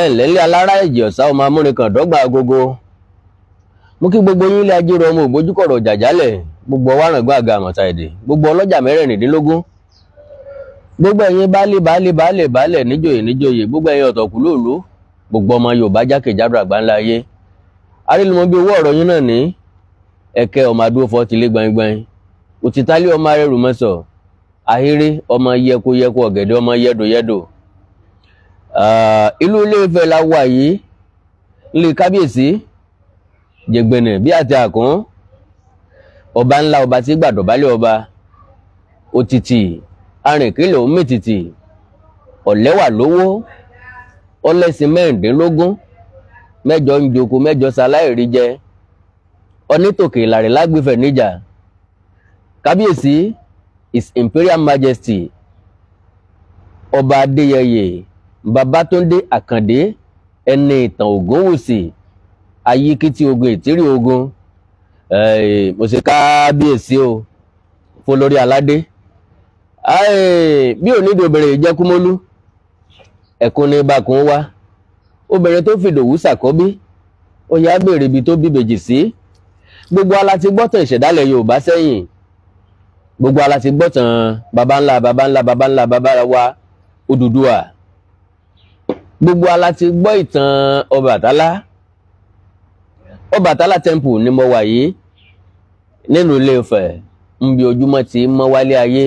ẹ ǹlẹ́ ilé alára ẹ̀jẹ̀ ọ̀sá ọmọ amúnikan dọ́gba agogo mú kí gbogbo yín ilé ajérò ọmọ ògbójúkọ̀rọ̀ jàjálẹ̀ gbogbo ọwárangán àga àmọ̀ta èdè gbogbo ọlọ́jà mẹ́rẹ̀ẹ́rìndínlógún gbogbo ẹ̀yin baálé baálé baálé baálé níjòyè níjòyè gbogbo ẹ̀yin ọ̀tọ̀kù lóòlú gbogbo ọmọ Yorùbá jákèjádò àgbáńlá ayé arílùmọ́ bí owó ọ̀rọ̀ yín náà ní ẹ̀kẹ́ ọmọ adúrófọ́ ti lé gbaingbain òtítálé ọmọ arẹ́rù mọ́sọ̀ ahéré ọmọ yẹkoyẹko ìlú ah, Ilé-Ifẹ̀ la wà yìí ilé kábíyèsí jẹgbẹ̀nẹ̀ bí àti àkún ọba ńlá ọba tí gbàdọ̀bálẹ̀ ọba òtìtì arìnkìlẹ̀ omítìtì ọ̀lẹ́wà lówó ọlẹ́sìn mẹ́rìndínlógún mẹ́jọ ń joko mẹ́jọ ṣaláìrí jẹ onítòkè ìlàrẹ̀ lágbèfẹ̀ níjà kábíyèsí His Imperial Majesty ọba Adéyẹyè babatunde akande ẹni ìtàn ògúnwùsì ayíkítí ogun ìtírí ogun mo ṣe kábíyèsí o fọlórí aládé bí onídìí obìnrin ìjẹkúmọlú ẹkún ní bákun wá obìnrin tó fìdòwú ṣàkọ́bí ó yá béèrè ibi tó bí bèjì sí gbogbo aláti gbọ́tàn ìṣẹ̀dálẹ̀ yorùbá sẹ́yìn gbogbo aláti gbọ́tàn baba ńlá baba ńlá baba wa Odùduwà gbogbo ala ti gbọ́ ìtàn Ọbàtálá Ọbàtálá temple ni mo wà yìí nínú ilé Ifẹ̀ ń bi ojúmọ́ tí mọ́ wálé ayé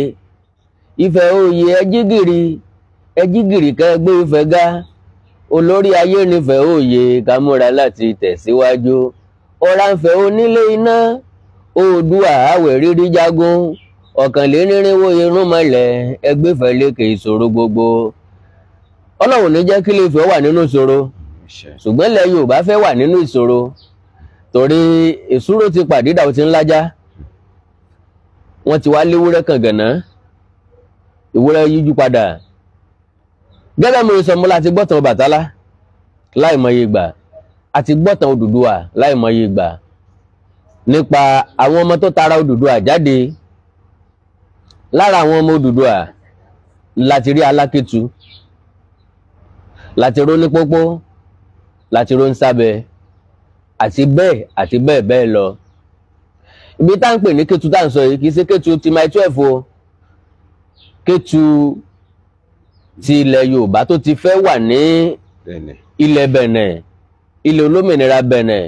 Ifẹ̀ oyè ẹjígìrì ẹjígìrì kẹgbẹ́ Ifẹ̀ ga olórí ayé nífẹ̀ oyè kámúra láti tẹ̀síwájú ọ̀rànfẹ̀ onílé iná oòdùà àwẹ̀ rírí jagun ọ̀kànlénírínwó irúnmọlẹ̀ ẹgbẹ́fẹ̀ lékè ìṣòro gbogbo ọlọ́run ní jẹ́ kí Ilé-Ifẹ̀ wà nínú ìṣòro ṣùgbọ́n ilẹ̀ Yorùbá fẹ́ wà nínú ìṣòro torí ìṣúró ti pàdídà ó ti ń lájá wọ́n ti wá léwúrẹ́ kàngànná ìwúrẹ́ yíjú padà gẹ́gẹ́ mi sọ mo láti gbọ́tàn Ọbàtálá láìmọye ìgbà àti gbọ́tàn Odùduwà láìmọye ìgbà nípa àwọn ọmọ tó tara Odùduwà jáde lára àwọn ọmọ Odùduwà láti rí Alákétu láti ró ní pópó láti ró ní sábẹ àti bẹ́ẹ̀ àti bẹ́ẹ̀ bẹ́ẹ̀ lọ ibi tá à ń pè ní Kétu tá à ń sọ yìí kì í ṣe Kétu ti Mile 12 o Kétu ti ilẹ̀ Yorùbá tó ti fẹ́ wà ní ilẹ̀ Bẹ̀nẹ̀ ilẹ̀ olómìnira Bẹ̀nẹ̀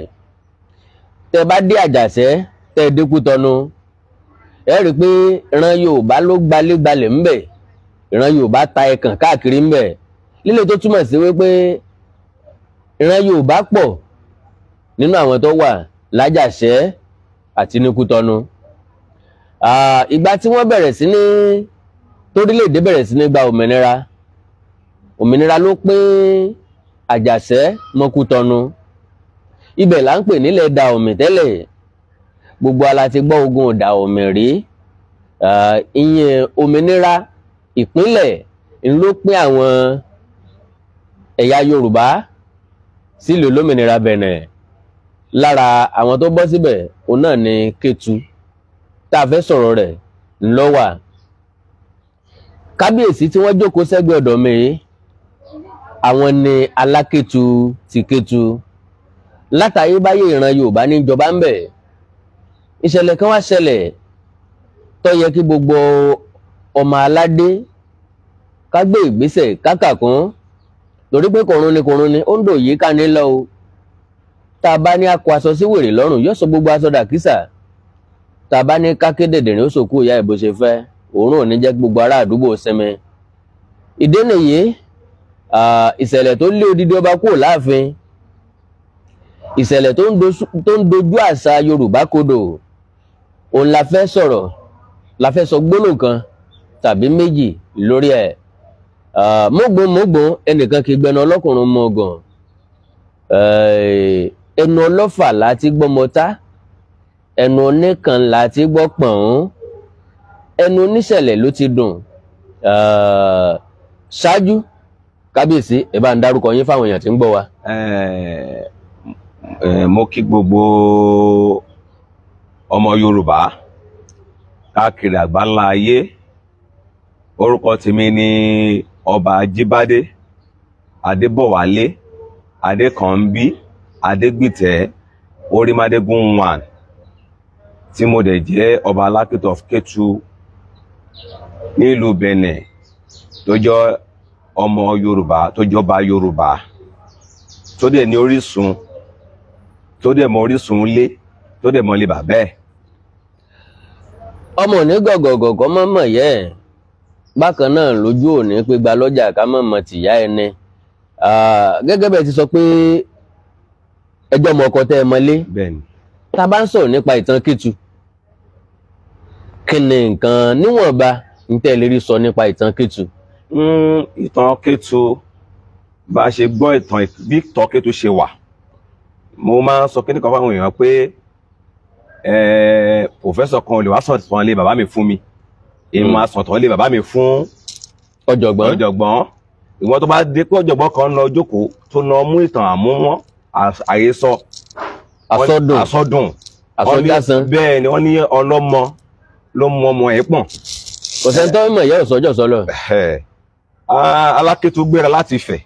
tẹ bá dé Àjàṣẹ́ tẹ dínkù tọnu ẹ rí i pé ìran Yorùbá ló gbalégbalẹ̀ ńbẹ̀ ìran Yorùbá ta ẹ̀kàn káàkiri ńbẹ̀ lílé tó túmọ̀ sí wípé ìran Yorùbá pọ̀ nínú àwọn tó wà lájàṣẹ́ àti ní Kútọ́nù ìgbà tí wọ́n bẹ̀rẹ̀ sí ní torílẹ̀-èdè bẹ̀rẹ̀ sí ní gba òmìnira òmìnira ló pín àjàṣẹ́ mọ́ Kútọ́nù ibẹ̀ là ń pè nílẹ̀ Dahomey tẹ́lẹ̀ gbogbo ala ti gbọ́ ogun Dahomey rí ìyẹn òmìnira ìpínlẹ̀ ń ló pín àwọn ẹ̀yà Yorùbá sílùú olómìnira Benin lára àwọn tó bọ́ síbẹ̀ òun náà ni Kétu tá a fẹ́ sọ̀rọ̀ rẹ̀ ńlọ́wà kábíyèsí tí wọ́n jókòó sẹ́gbẹ̀ẹ́ ọ̀dọ̀ mi àwọn ni alákétu ti Kétu látàyébáyé ìran Yorùbá níjọba ń bẹ̀ ìṣẹ̀lẹ̀ kan wá ṣẹlẹ̀ tó yẹ kí gbogbo ọmọ aládé ká gbé ìgbésẹ̀ kákàkún torí pé kòrun ni kòrun ni ó ń dò yìí ká ní lọ o tá a bá ní akọ aṣọ sí wèrè lọ́rùn yóò sọ gbogbo aṣọ dàkísà tá a bá ní káké dèdèrè ó sòkú ìyá ìbò ṣe fẹ́ òórùn ò ní jẹ́ gbogbo ará àdúgbò sinmi ìdí nìyí ìṣẹ̀lẹ̀ tó lé odidi ọba kúrò láàfin ìṣẹ̀lẹ̀ tó ń dojú àṣà Yorùbá kodò òun la fẹ́ sọ̀rọ̀ la fẹ́ sọ gbólóǹkan tàbí méjì lórí ẹ̀ mógbónmógbón ẹnìkan kì í gbẹnu ọlọ́kùnrin mọ̀gàn ẹnu ọlọ́fà láti gbọ́ mọ́tá ẹnu oníkan láti gbọ́ pọ̀n ẹnu oníṣẹ̀lẹ̀ ló ti dùn ṣáájú kábíyèsí ẹ bá ń dárúkọ yín fáwọn èèyàn tí ń gbọ́ wa. mo kí gbogbo ọmọ Yorùbá káàkiri àgbáńlá ayé orúkọ tèmi ni ọba ajíbádé adébọ̀wálé adékànbí adégbìtẹ́ orímádégún one tí mo dẹ̀ jẹ́ ọba alákìtọ of Kétu nílùú Benin tó jọ ọmọ Yorùbá tó jọba Yorùbá tó dẹ̀ ní orísun tó dẹ̀ mọ orísun ilé tó dẹ̀ mọ ilé bàbá ẹ̀. ọmọ ní gọ̀gọ̀gọ̀gọ̀ mọ́mọ́ yẹ́ bákan náà lójú òní pé gba lọ́jà ká mọ̀ mọ̀ tìyá ẹni gẹ́gẹ́ bẹ́ẹ̀ ti sọ pé ẹjọ́ mọ ọkọ tẹ́ ẹ mọlé tá a bá ń sọ̀rọ̀ nípa ìtàn Kétu kí ni nǹkan níwọ̀nba ń tẹ́ lè rí sọ nípa ìtàn Kétu. Hmm, ìtàn Kétu bá a ṣe gbọ́ ìtàn bí ìtàn Kétu ṣe wà mo máa ń sọ kíní kan fáwọn èèyàn pé eh, pòfẹ́sọ̀ kan ò lè wá sọ̀rọ̀ ìtàn bàbá mi fún mi èmi hmm. máa sọ̀tọ̀ lé bàbá mi fún ọ̀jọ̀gbọ́n ọ̀jọ̀gbọ́n ìwọ́n tó bá dé pé ọ̀jọ̀gbọ́n kan lọ jókòó tó lọ mú ìtàn àmúmọ́ àhesọ àsọdùn àsọdùn àsọdásán bẹ́ẹ̀ ni wọ́n ní ọlọ́mọ ló mú ọmọ ẹ̀ pọ̀n. kò sẹ́ni tó mọ̀ ìyá òsọ́jọ́ sọlọ. alákẹ́tù gbéra láti Ifẹ̀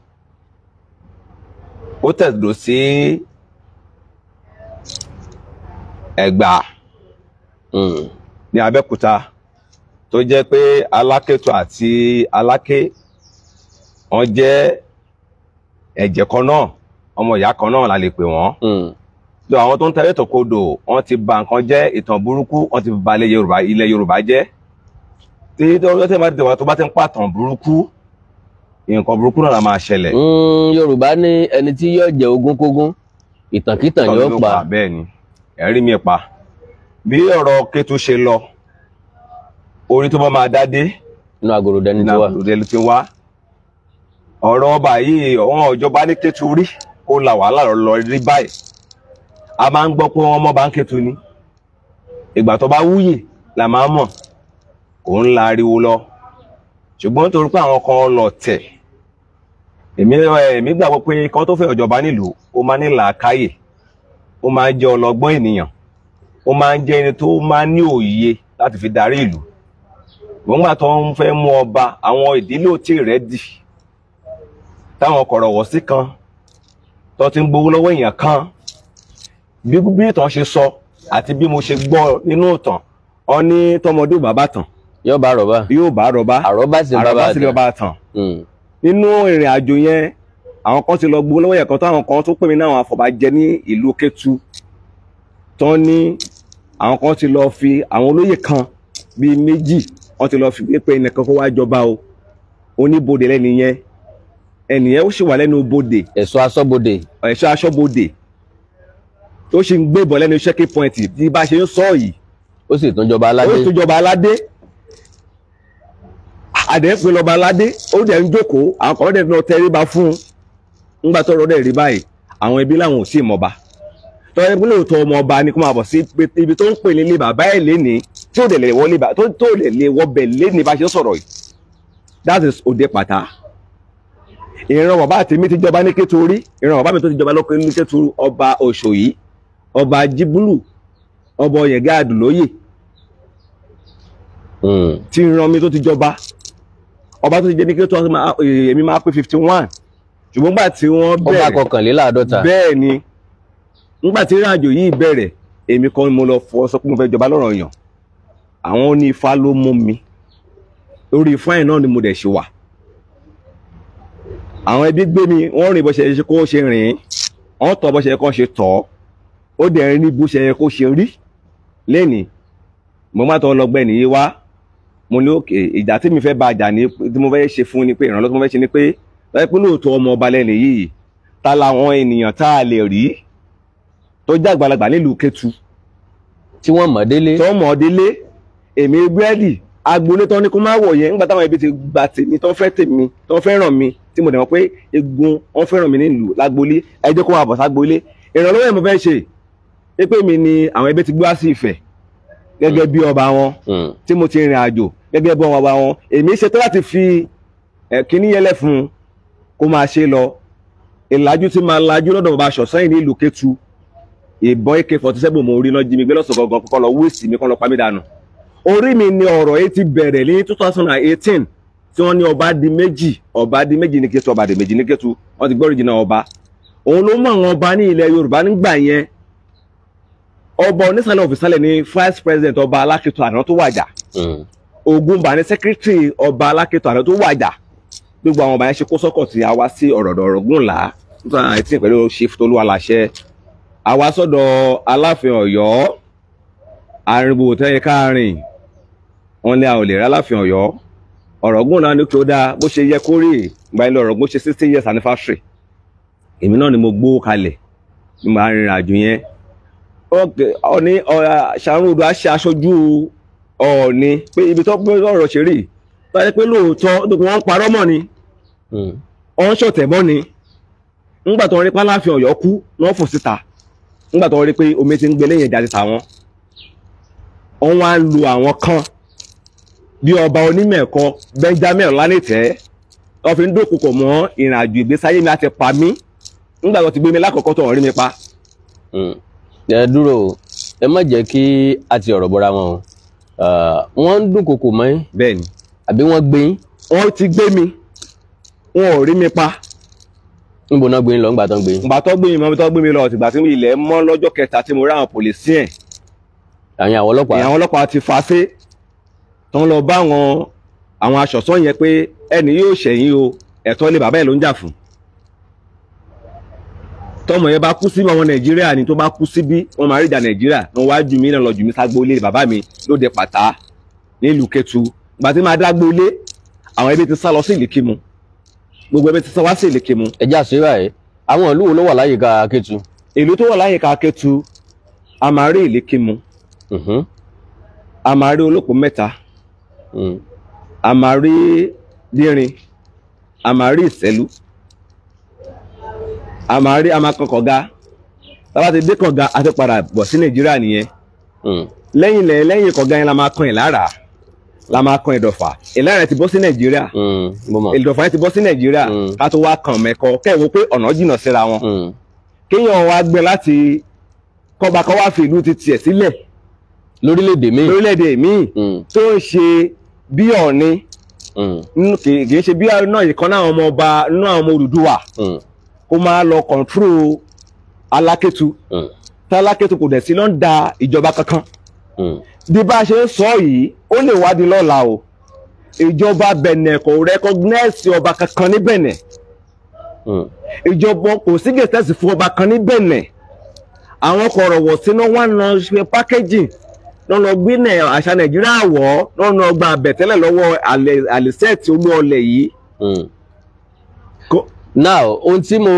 ó tẹ̀dó sí Ẹ̀gbá hmm. ní Abẹ́òkúta tó jẹ́ pé alákétu àti aláké wọ́n jẹ́ ẹ̀jẹ̀ kan náà ọmọ ìyá kan náà la lè pè wọ́n hmm. lọ àwọn tó ń tẹ̀lé tòkodò wọ́n ti ba nǹkan jẹ́ ìtàn burúkú wọ́n ti ba ilẹ̀ Yorùbá ilẹ̀ Yorùbá jẹ́ tí ọjọ́ tẹ́ dẹ̀wà tó bá ti ń pàtàn burúkú nǹkan burúkú náà la máa ṣẹlẹ̀. Hmm, Yorùbá ní ẹni tí yóò jẹ ogún kógún ìtànkítàn yóò pa bẹ́ẹ̀ ni ẹ̀rí mi pa bí ọ̀rọ̀ Kétu ṣe lọ orin tó bá máa dádé inú agolo dẹni tó wà inú agolo dẹni tó wà ọ̀rọ̀ ọba yìí ọ̀hún ọ̀jọba ní kétu rí ó la wàhálà lọ rí báyìí a máa ń gbọ́ pé wọ́n mọ́ bá ń kétu ni ìgbà tó bá wúyè la máa mọ̀ kò ń la ariwo lọ ṣùgbọ́n torí pé àwọn kan lọ tẹ̀ èmi èmi gbàgbọ́ pé kan tó fẹ́ ọ̀jọba nílùú ó máa ní làákàyè ó máa jẹ́ ọlọ́gbọ́n ènìyàn ó máa ń jẹ́ ẹni tó máa ń ní òye láti fi darí ìlú gbọ̀ngbà tó ń fẹ́ mú ọba àwọn ìdílé ò tí rẹ̀ dì táwọn kọ̀rọ̀wọ̀sí kan tó ti ń gbowó lọ́wọ́ èèyàn kan bí bí ìtàn ṣe sọ àti bí mo ṣe gbọ́ nínú ìtàn ọ ní tọmọdé bàbá tàn yóò bá rọ̀bá yóò bá rọ̀bá àrọ́bá sì bàbá tàn hmm. nínú ìrìn àjò yẹn àwọn kan ti lọ gbowó lọ́wọ́ èèyàn kan tó àwọn kan tó pè mí náà àfọ̀bàjẹ́ ní ìlú Kétu tán ní àwọn kan ti lọ fi àwọn olóyè kan bíi méjì ọ ti lọ fìwé pé ẹnìkan kó wá jọba o oníbodè lẹ́ni yẹn ẹnìyẹn ó sì wà lẹ́nu bodè. ẹ̀ṣọ́ aṣọ́bodè. ẹ̀ṣọ́ aṣọ́bodè tó sì ń gbébọn lẹ́nu ṣẹ́kí pọ́ìntì bí bá ṣe ń sọ yìí. ó sì tún jọba aládé. ó sì tún jọba aládé. àdéhùn pé lọ́ba aládé ó dẹ̀ ń jókòó àwọn kan dẹ̀ ń lọ tẹríba fún un ńgbà tó rọ́ọ̀dẹ̀ rí báyìí àwọn ẹbí làwọn ò sí ìmọ̀ba tọ́ ẹbí lóòótọ́ ọmọ ọba ni kó máa bọ̀ sí ibi tó ń pè ní ilé bàbá ẹ̀ lénìí tí ò lè wọlé tó tó lè lè wọbẹ̀ lé ní bá ṣe sọ̀rọ̀ yìí that is òde pàtà ìran bàbá àtẹ̀mí ti jọba ní kétorí ìran bàbá mi tó ti jọba lọ́kọ́ ní kétorí ọba òṣòyí ọba jíbúlù ọba ọ̀yẹ̀gá àdùlóyè hmm. ti ìran mi tó ti jọba ọba tó ti jẹ ní kétorí eh, èmi máa pé fifty one ṣùgbọ́n gbà tí wọ́n bẹ̀rẹ̀ ọba kọkànléláàádọ́ta bẹ́ẹ̀ ni ngbà tí ìrìnàjò yìí bẹ̀rẹ̀ èmi kan mo lọ fọ sọ pé mo fẹ́ jọba lọ́rọ̀ yàn àwọn oní ifá ló mú mi orí ifá yẹn náà ni mo dẹ̀ ṣe wà àwọn ẹbí gbé mi wọ́n rìn bó ṣe yẹ kó ṣe rìn wọ́n tọ̀ bó ṣe yẹ kó ṣe tọ̀ ó dẹ̀ rí bó ṣe yẹ kó ṣe rí lẹ́nìí mo má tọ́ lọ́gbẹ́ nìyí wá mo ní òkè ìjà tí mi fẹ́ bá àjà ní tí mo fẹ́ ṣe fún ni pé ìrànlọ́wọ́ tí mo fẹ́ ṣe ni pé lọ́yẹ́ pé lóòótọ́ ọmọ ọba lẹ́nu yìí ta làwọn ènìyàn tá a lè rí tó jẹ́ àgbàlagbà nílùú Kétu tí wọ́n mọ̀ délé tí wọ́n mọ̀ délé èmi búrẹ́dì agboolé tán ní kó má wọ̀ yẹn nígbà táwọn ẹbí ti gbà tèmi tán fẹ́ tèmi tán fẹ́ràn mi tí mo dẹ̀ mọ̀ pé egun wọn fẹ́ràn mi nílùú lágboolé ẹ jẹ́ kó máa bọ̀ ságboolé ìrànlọ́wọ́ ẹ̀ mo fẹ́ ṣe é pé mi ni àwọn ẹbí ti gbé wá sí Ifẹ̀ gẹ́gẹ́ bí ọba wọn hmm. tí mo ti rìn àjò gẹ́gẹ́ bí ọba wọn èmi ṣetán láti fi kíní yẹlẹ̀ fún un kó máa ṣe lọ ìlàjú tí máa lajú lọ́dọ̀ bàbá Ṣọ̀sán ní ìlú Kétu ìbọn AK47 mo rí lọ́ọ́ jí mi gbé lọ́sọ̀ gangan kọ́ lọ wíìsì mi kọ́ lọ pa dànù orí mi ni ọ̀rọ̀ yìí ti bẹ̀rẹ̀ ní two thousand and eighteen tí wọ́n ní ọba di méjì ọba di méjì ní Kétu ọba di méjì ní Kétu wọ́n ti gbọ́rọ̀ jìnnà ọba òun ló mú àwọn ọba ní ilẹ̀ Yorùbá nígbà yẹn ọba onísàlẹ̀ òfìsàlẹ̀ ni first president ọba Alákétu àná tó wàjà hmm. Ògúnbà ní secretary ọba Alákétu àná tó wàjà gbogbo àwọn ọba yẹn ṣe kó sọ́kọ̀ tí a wá sí ọ̀rọ̀dọ̀rọ̀ gùn là àìsí pẹ̀lú àwa sọ́dọ̀ Aláàfin wọn ní àwọn olè rẹ aláàfin Ọ̀yọ́ ọ̀rọ̀gùn náà ní kí dáa ṣe yẹ kó rí ìgbà ilé ṣe sixty years anniversary èmi náà ni mo gbó kalẹ̀ ní rìnrìn àjò yẹn Ọọ̀ni Ṣàrùn Odò àṣẹ aṣojú Ọọ̀ni pé ibi tó ṣe rí tọ́jú pé ń ni wọ́n ń ṣọ̀tẹ̀ ni ńgbà tó rí kú fò bí ọba onímọ̀ Benjamin Ọlánìtẹ́ wọ́n fi ń dókòkò mọ́ ìrìnàjò ìgbésáyé mi àti pa mí nígbà tó ti gbé mi lákọ̀ọ́kọ́ tó ń rí mi pa. Hmm. ẹ dúró ẹ má jẹ́ kí a ti ọ̀rọ̀ bọ́ra wọn o uh, wọ́n ń dúnkòkò mọ́ ẹ́ bẹ́ẹ̀ ni àbí wọ́n gbé yín. wọ́n ti gbé mi wọn ò rí mi pa. níbo náà gbé yín lọ ńgbà tó ń gbé yín. ńgbà tó gbé yín mọ́ tó gbé mi lọ ọ̀tìgbà tí ilẹ̀ mọ́ lọ́jọ́ kẹta tí mo rí àwọn pòlìsì ẹ̀. àwọn ọlọ́pàá àwọn ọlọ́pàá tán lọ bá àwọn àwọn aṣọ̀sọ́ yẹn pé ẹni yóò ṣẹ̀yìn o ẹ̀tọ́ ni bàbá ẹ̀ ló ń jà fún tọmọ yẹn bá kú sí ọmọ nàìjíríà ni tó bá kú síbí wọn máa rí ìjà nàìjíríà wọn wá jù mí náà lọ jù mí ságbó ilé bàbá mi lóde pàtà nílùú Kétu ìgbà tí máa dágbó ilé àwọn ẹbí ti sá lọ sí ìlìkímu gbogbo ẹbí ti sá wá sí ìlìkímu. ẹjẹ àṣírà ẹ àwọn ìlú wo ló wà láyìíká Kétu. ìlú tó wà láyìíká Kétu a máa rí ìlìkímu a máa rí olóko mẹ́ta Mm. a máa rí dírin a máa rí ìṣẹ́lú a máa rí a máa kan kànga tá a bá ti dé kànga a ti padà bọ̀ sí nàìjíríà nìyẹn mm. lẹ́yìn lẹ́yìn lẹ́yìn kànga yẹn la máa kan ìlara la máa kan ìdọ̀fà ìlara ti bọ́ sí nàìjíríà mm, ìdọ̀fà yẹn ti bọ́ sí nàìjíríà ká tó wá kàn mẹ́kọ kẹ́wọ́ pé ọ̀nà jìnnà síra wọn kéèyàn wá gbẹ láti kọba kan wá fi ìlú ti tiẹ̀ sílẹ̀ lórílẹ̀‐èdè míì lórílẹ̀‐èdè míì tó ń ṣe bí ọ̀ni mm. kì í ṣe bí náà ìkan náà ọmọ ọba nínú àwọn ọmọ Odùduwà mm. kó máa lọ kọ̀ǹtúrò alákẹ́tù mm. tá alákẹ́tù kò dẹ̀ sí ló ń da ìjọba kankan bí bá a ṣe ń sọ yìí ó lè wádìí lọ́la o ìjọba Bẹ̀nẹ̀ kò rẹ́kọ́gínẹ́sì ọba kankan ní Bẹ̀nẹ̀ ìjọba kò sí gẹ̀ẹ́sì fún ọba kan ní Bẹ̀nẹ̀ àwọn kọ̀rọ̀wọ̀ sínú wọn lọ ṣe lọ́nà gbé àṣà nàìjíríà wọ̀ lọ́nà gba àbẹ̀tẹ́lẹ̀ lọ́wọ́ àlẹ́sẹ̀tì olúọlẹ̀ yìí. Hmm. now ohun tí mo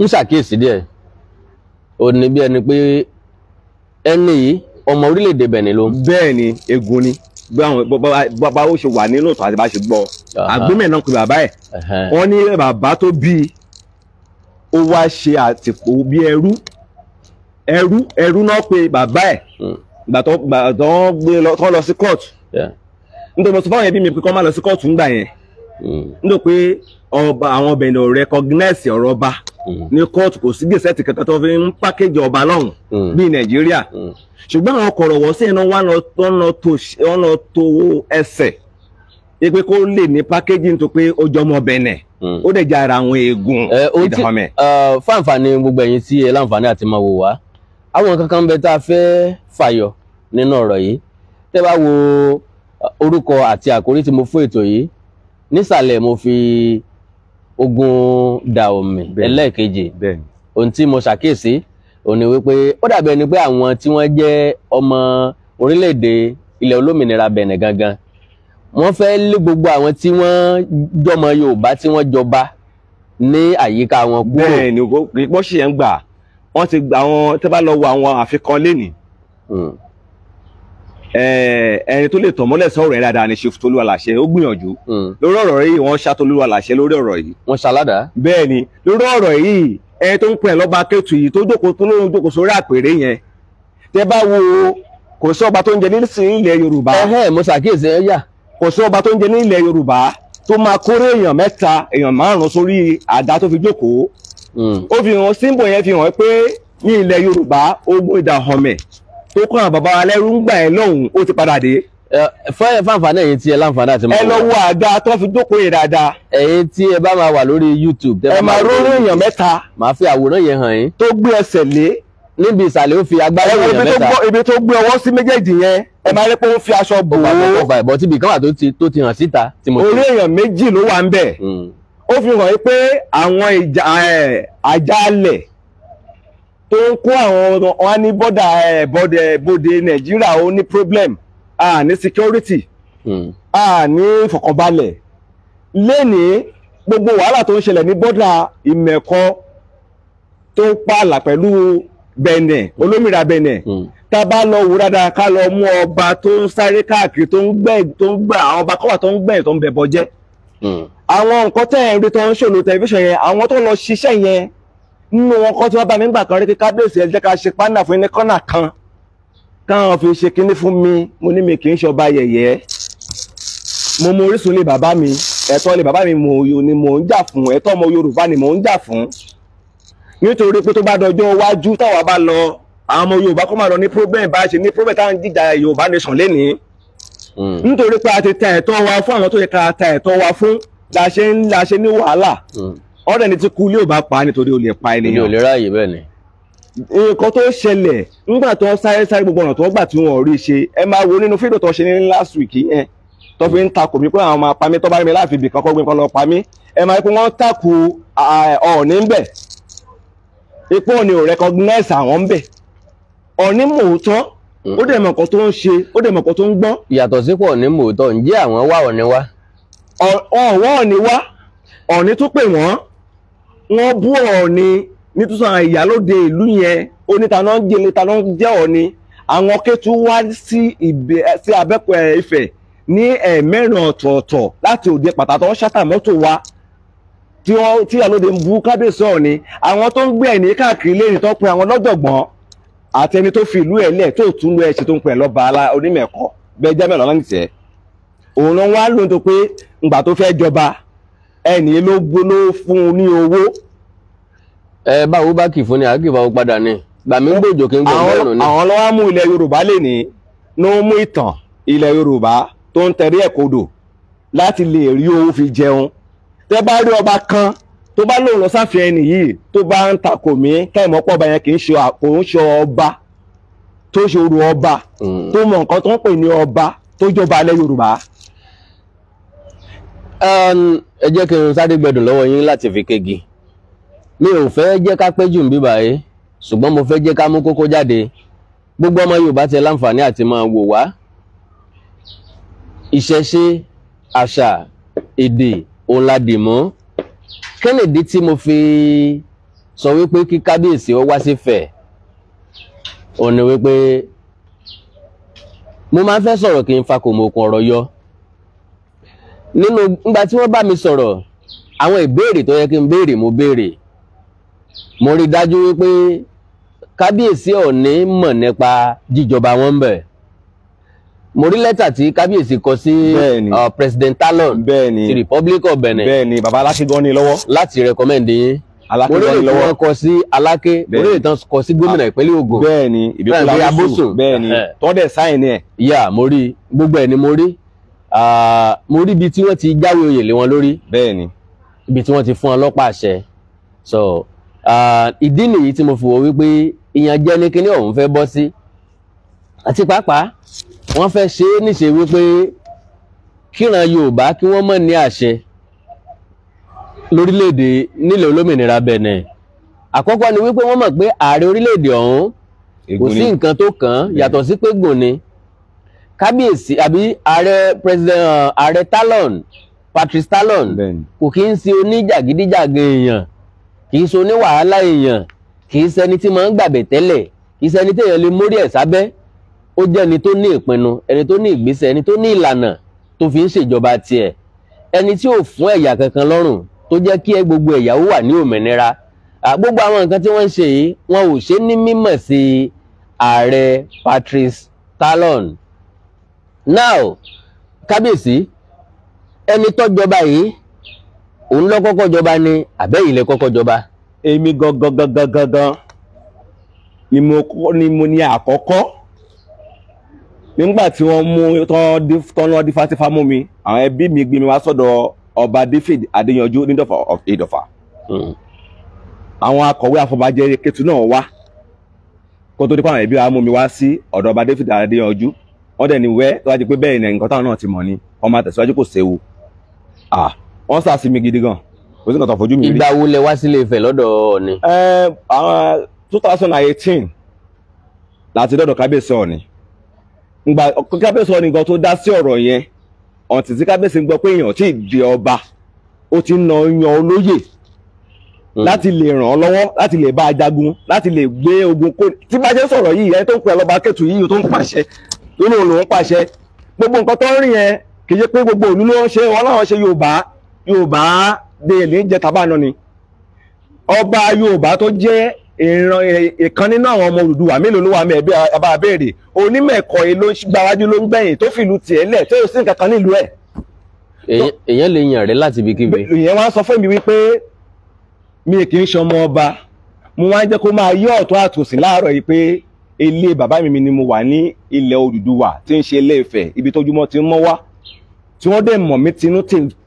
ń ṣàkíyèsí díẹ̀ ò ní bí ẹni pé ẹni yìí ọmọ orílẹ̀-èdè Benin ló. bẹ́ẹ̀ ni egun ni bàbá ó ṣe wà nínú ìtàn àti bá ṣe gbọ́ àgbémẹ̀ náà pe bàbá ẹ̀ wọ́n ní bàbá tó bí i ó àtìpó bí ẹrú ẹrú ẹrú náà pe bàbá ẹ̀ hmm. ìgbà tó gbé kọ́ lọ sí court nítorí mo sọ fáwọn ẹbí mi pé kọ́ máa lọ sí court ńgbà yẹn hmm. nítorí pé ọba àwọn ọbẹ̀yìn ò recognize ọ̀rọ̀ ọba hmm. ní court kò sí gèsẹ́tì kankan tó fi ń pákéjì ọba lọ́hùn bíi nàìjíríà ṣùgbọ́n àwọn kọ̀rọ̀wọ́ sí ẹ̀nà wà lọ́nà tó ẹsẹ̀ yẹ pé kó lè ní pákéjì nítorí pé ó jọmọ bẹ̀nẹ̀ ó dẹ̀ jẹ́ ara àwọn eegun eh, ìdàmọ́mẹ́. Ah, fáǹfààní gbogbo ẹ̀yin tí ẹ láǹfààní àti máa wò wá àwọn nǹkan kan bẹ tá a fẹ́ fàyọ nínú ọ̀rọ̀ yìí tẹ́ bá wo uh, orúkọ àti àkórí tí mo fún ètò yìí nísàlẹ̀ mo fi ogun Dahomey ẹlẹ́ẹ̀kejì ohun tí mo ṣàkíyèsí òun ni wípé ó dàbí ẹni pé àwọn tí wọ́n jẹ́ ọmọ orílẹ̀-èdè olómìnira Benin gangan wọ́n fẹ́ lé gbogbo àwọn tí wọ́n jọmọ Yorùbá tí wọ́n jọba ní àyíká wọn kúrò. bẹ́ẹ̀ ni wọ́n ń gbà wọ́n ti gba àwọn tẹ́ bá lọ wo àwọn àfikàn lẹ́nìí hmm. eh, ẹni tó lè tàn mọ́lẹ̀ sọ̀rọ̀ rẹ̀ dáadáa ni ṣèfù tolú àlàṣẹ ó gbìyànjú hmm. lórí ọ̀rọ̀ yìí wọ́n ṣá tolú àlàṣẹ lórí ọ̀rọ̀ yìí. wọ́n ṣàládàá. bẹ́ẹ̀ ni lórí ọ̀rọ̀ yìí ẹni tó ń pè lọ́ba kẹ́tù yìí tó jókòó tó lóun jókòó sórí àpèrè yẹn tẹ́ bá wo kò sí ọba tó ń jẹ nílẹ̀ Yorùbá. ẹhẹ́ mo ṣàkíyèsí ẹ yà. kò sí ọba tó ń jẹ nílẹ̀ Yorùbá tó máa kórè èèyàn mẹ́ta èèyàn márùn sórí àdá tó fi jókòó Mm. ó fi hàn símbò yẹn fi hàn pé ní ilẹ̀ yorùbá ogun ìdàhọ̀mẹ̀ tó kọ́ àwọn bàbá alẹ́rú ń gbà ẹ́ lọ́hùn ó ti padà dé. fẹ́ fàǹfààní ẹ̀yin tí ẹ láǹfààní àti máa ẹ lọ wo àga tó fi jókòó yẹn dáadáa. ẹ̀yin tí ẹ bá máa wà lórí youtube. ẹ máa róró èèyàn mẹ́ta. màá fi àwòrán yẹn hàn yín. tó gbé ẹsẹ̀ lé. níbi ìsàlẹ̀ ó fi agbára èèyàn mẹ́ta. ibi tó gbé ọwọ́ sí méjèèjì yẹn ẹ máa rí pé ó fi aṣọ bò ó. bá tó bá tíbi kan tó ti hàn síta. orí èèyàn méjì ló wà ń bẹ̀. Mm ó fi hàn pé àwọn àjálẹ̀ tó ń kó àwọn wọn ní bọ́dà bodè nàìjíríà ó ní problem a ní security hmm. a ní ìfọ̀kànbalẹ̀ lénìí gbogbo wàhálà tó ń ṣẹlẹ̀ ní bọ́dà ìmẹ̀kọ tó ń pààlà pẹ̀lú Benin hmm. olómìnira Benin hmm. tá a bá lọ wò dáadáa ká lọ mú ọba tó ń sáré káàkiri tó ń gbẹ tó ń gbà àwọn ọba kọ́wà tó ń gbẹ̀yìn tó ń bẹ̀bọ jẹ́ àwọn nǹkan tẹ́ ẹ̀ ń rí tó ń ṣòlò tẹlifíṣàn yẹn àwọn tó lọ ṣiṣẹ́ yẹn nínú wọn kọ́ tí wọ́n bá mi ń gbà kan rí kí kábíyèsí ẹ jẹ́ ká ṣe pánà fún ní kọ́nà kan káwọn fi ṣe kinní fún mi mo ní mi kì í ṣọba yẹ̀yẹ́ mo mọ orísun lé bàbá mi ẹ̀tọ́ lé bàbá mi mo yo ni mo ń jà fún ẹ̀tọ́ ọmọ Yorùbá ni mo ń jà fún nítorí pé tó bá dọjọ́ iwájú táwa bá lọ àwọn ọmọ Yorùbá kó máa lọ ní problem bá ṣe ní problem táwọn jíjà Yorùbá nation lénìí hmm. nítorí pé a ti ta ẹ̀tọ́ wa fún àwọn tó yẹ ká ta ẹ̀tọ́ wa fún la ṣe ń la ṣe ní wàhálà hmm. ọ̀rẹ́ ni tí kú ilé ò bá pa á nítorí olè pa ènìyàn. olè ráàyè bẹ́ẹ̀ ni. nǹkan tó ṣẹlẹ̀ nígbà tó sáré sáré gbogbo ọ̀nà tó gbà tí wọ́n rí ṣe ẹ máa wo nínú fídíò tó ṣe ní last week yẹn tó fi ń takò mí pé àwọn máa pa mí tó bá rí mi láàfin ibì kan kó gbé nǹkan lọ pa mí ẹ máa pé wọ́n takò ọ̀ọ́nì ńbẹ̀ ipò òní ò recognize àwọn ńbẹ̀ ọ̀ọ́nì mòótọ́ hmm. ó dẹ̀ mọ̀kọ́ tó ń ṣe ó dẹ̀ mọ̀kọ́ tó ń gbọ́n. ìyàtọ̀ sípò ní mòótọ́ ǹjẹ́ àwọn wà ọ̀ọ́nì wá ọ̀wọ́ ọ̀ní wá ọ̀ní tó pè wọ́n wọ́n bú ọ̀ní nítúsàn ìyálóde ìlú yẹn onítaná ń jẹ́ onítaná ń jẹ́ ọ̀ní àwọn kẹ́tù wá sí abẹ́kọ̀ Ifẹ̀ ní ẹ̀ẹ̀mẹ́rin ọ̀tọ̀ọ̀tọ̀ láti òde pàtàkì wọ́n ṣátà mọ́tò wa tí ìyálóde ń bú kábíyèsí ọ̀ní àwọn tó ń gbé ẹ̀ní káàkiri lẹ́yìn tó pe àwọn lọ́jọ̀gbọ́n àti ẹni tó fi ìlú ẹ̀ lẹ̀ tó tún lu ẹ̀ṣẹ̀ tó ń pè lọ́ba onímẹ̀kọ́ bẹ́ẹ̀ jẹ́ mẹ́rin ọ̀lànìtẹ́ òun náà wá lóun tó pé ngbà tó fẹ́ jọba ẹnì ló fún un ní owó. ẹ báwo bá kì ni àá báwo padà ni gbàmí ń gbòjò kí n gbòjò ni. àwọn lọ́wọ́ mú ilẹ̀ yorùbá lè ní ní ó mú ìtàn ilẹ̀ yorùbá tó ń ẹ̀ kodò láti lè rí owó fi jẹun bá rí ọba kan tó bá lòun lọ sáfihàn ẹni yìí tó bá ń takò mí kẹ́hìnmọ́ pọ̀ bá yẹn kì í ṣe kò ṣe ọba tó ọba mm. tó mọ nǹkan tó ń pè ọba tó jọba alẹ́ Um, ẹ jẹ́ kí n sáré gbẹ̀dùn lọ́wọ́ yín láti fi kégi mi ò fẹ́ jẹ́ ká pẹ́ jù ń bíbà yìí ṣùgbọ́n mo fẹ́ jẹ́ ká mú kókó jáde gbogbo ọmọ Yorùbá ti láǹfààní àti máa wò wá ìṣẹ̀ṣe àṣà èdè òun la dì mọ́ kẹ́nìdí tí mo fi sọ wípé kí kábíyèsí ó wá sí fẹ̀ òun wípé mo máa ń fẹ́ sọ̀rọ̀ kí n fa kòmọ̀kùn ọ̀rọ̀ yọ nínú nígbà tí wọ́n bá mi sọ̀rọ̀ àwọn ìbéèrè tó yẹ kí n béèrè mo béèrè mo rí dájú wípé kábíyèsí Ọ̀ọ̀ni mọ̀ nípa jíjọba wọn bẹ̀ mo rí lẹ́tà tí kábíyèsí kọ sí uh, president Talon ti Republic of Benin bẹ́ẹ̀ baba Aláké gan ni lọ́wọ́ láti recommend yín mo rí ètò wọn kọ sí Aláké mo rí ètò kọ sí gómìnà ah, ìpínlẹ̀ Ògùn bẹ́ẹ̀ ni ìbíkúlá abúsùn bẹ́ẹ̀ ni eh. ẹ̀ yà mo rí gbogbo ẹ̀ ni mo rí Ah, mo rí ibi tí wọ́n ti jáwé oyè lé wọn lórí. bẹ́ẹ̀ ni. ibi tí wọ́n ti fún ọlọ́pàá àṣẹ so ah, ìdí nìyí tí mo fi wò wípé ìyànjẹ ní kíní ọ̀hún fẹ́ bọ́ sí àti pàápàá wọ́n fẹ́ ṣe é níṣe wípé kíran Yorùbá kí wọ́n mọ̀ ní àṣẹ lórílẹ̀‐èdè nílẹ̀ olómìnira Benin àkọ́kọ́ ni wípé wọ́n mọ̀ pé ààrẹ orílẹ̀‐èdè ọ̀hún kò sí nǹkan tó kàn án yàtọ̀ sí pé gùn ni kábíyèsí àbí ààrẹ president ààrẹ Talon Patrice Talon kò kí ń ṣe oníjàgídíjàgan èèyàn kì í ṣe oníwàhálà èèyàn kì í ṣẹni tí máa ń gbàbẹ̀ tẹ́lẹ̀ kì í ṣẹni tí èèyàn lè mórí ẹ̀ sábẹ́ ó jẹ́ ẹni tó ní ìpinnu ẹni tó ní ìgbésẹ̀ ẹni tó ní ìlànà tó fi ń ṣèjọba tiẹ̀ ẹni tí ò fún ẹ̀yà kankan lọ́rùn tó jẹ́ kí gbogbo ẹ̀yà ó wà ní òmìnira gbogbo àwọn nǹkan tí wọ́n ń ṣe yìí wọn ò ṣe ní mímọ̀ sí ààrẹ Patrice Talon now kábíyèsí ẹni tó jọba yìí òun ló kọ́kọ́ jọba ni àbẹ́yìn lẹ kọ́kọ́ jọba. èmi gangan gangan gangan ni mo ni mo ni àkọ́kọ́ nígbà tí wọ́n mú tọ́nà dífátífá mú mi àwọn ẹbí mi gbé mi wá sọ́dọ̀ ọba David Adéyanjú nídọ̀fà of Ìdọ̀fà hmm. àwọn akọ̀wé àfọbàjẹ́ kẹtù náà wá kó tó dípò àwọn ẹbí wa mú mi wá sí ọ̀dọ̀ ọba David Adéyanjú. Mm. wọ́n dẹ̀ ni wẹ́ tó wá di pé bẹ́ẹ̀ ni nǹkan táwọn náà ti mọ̀ ni ọmọ máa kò kò séwu wọ́n sàsí mi gidi gan kò sí nǹkan tó fojú mi rí. ìgbà wo lẹ wá sílé lọ́dọ̀ Ọọ̀ni. àwọn two thousand and eighteen láti kábíyèsí ngbà kábíyèsí yẹn tí kábíyèsí gbọ́ pé èèyàn tí ì di ọba ó ti na yan olóyè hmm. láti lè ràn lọ́wọ́ ogun kó tí bá inú òun lòún pàṣẹ gbogbo nǹkan tó ń rìn yẹn kì í ṣe pé gbogbo òlú ló ń ṣe wọn láwọn ṣe Yorùbá Yorùbá dèlè ń jẹ tàbánà ni ọba Yorùbá tó jẹ́ ìran ìkan nínú àwọn ọmọ Odùduwà mélòó ló wà mẹ́ bí abá abéèrè onímẹ̀kọ́ yìí ló ń gbáwájú ló ń gbẹ̀yìn tó fìlú tiẹ̀ lẹ̀ tó yóò sí nǹkan kan nílùú ẹ̀. èèyàn lè yàn rẹ láti ibi kíbi. ìyẹn wá sọ fún mi wípé mi kì í ṣọmọ ọba mo wá ń jẹ́ kó máa yọ ọ̀tún àtòsí láàárọ̀ yìí pé ilé bàbá mi ni mo wà ní ilẹ̀ Odùduwà tí ń ṣe ilé Ifẹ̀ ibi tójúmọ́ ti ń mọ́ wá tí wọ́n dẹ̀ mọ̀ mí tinú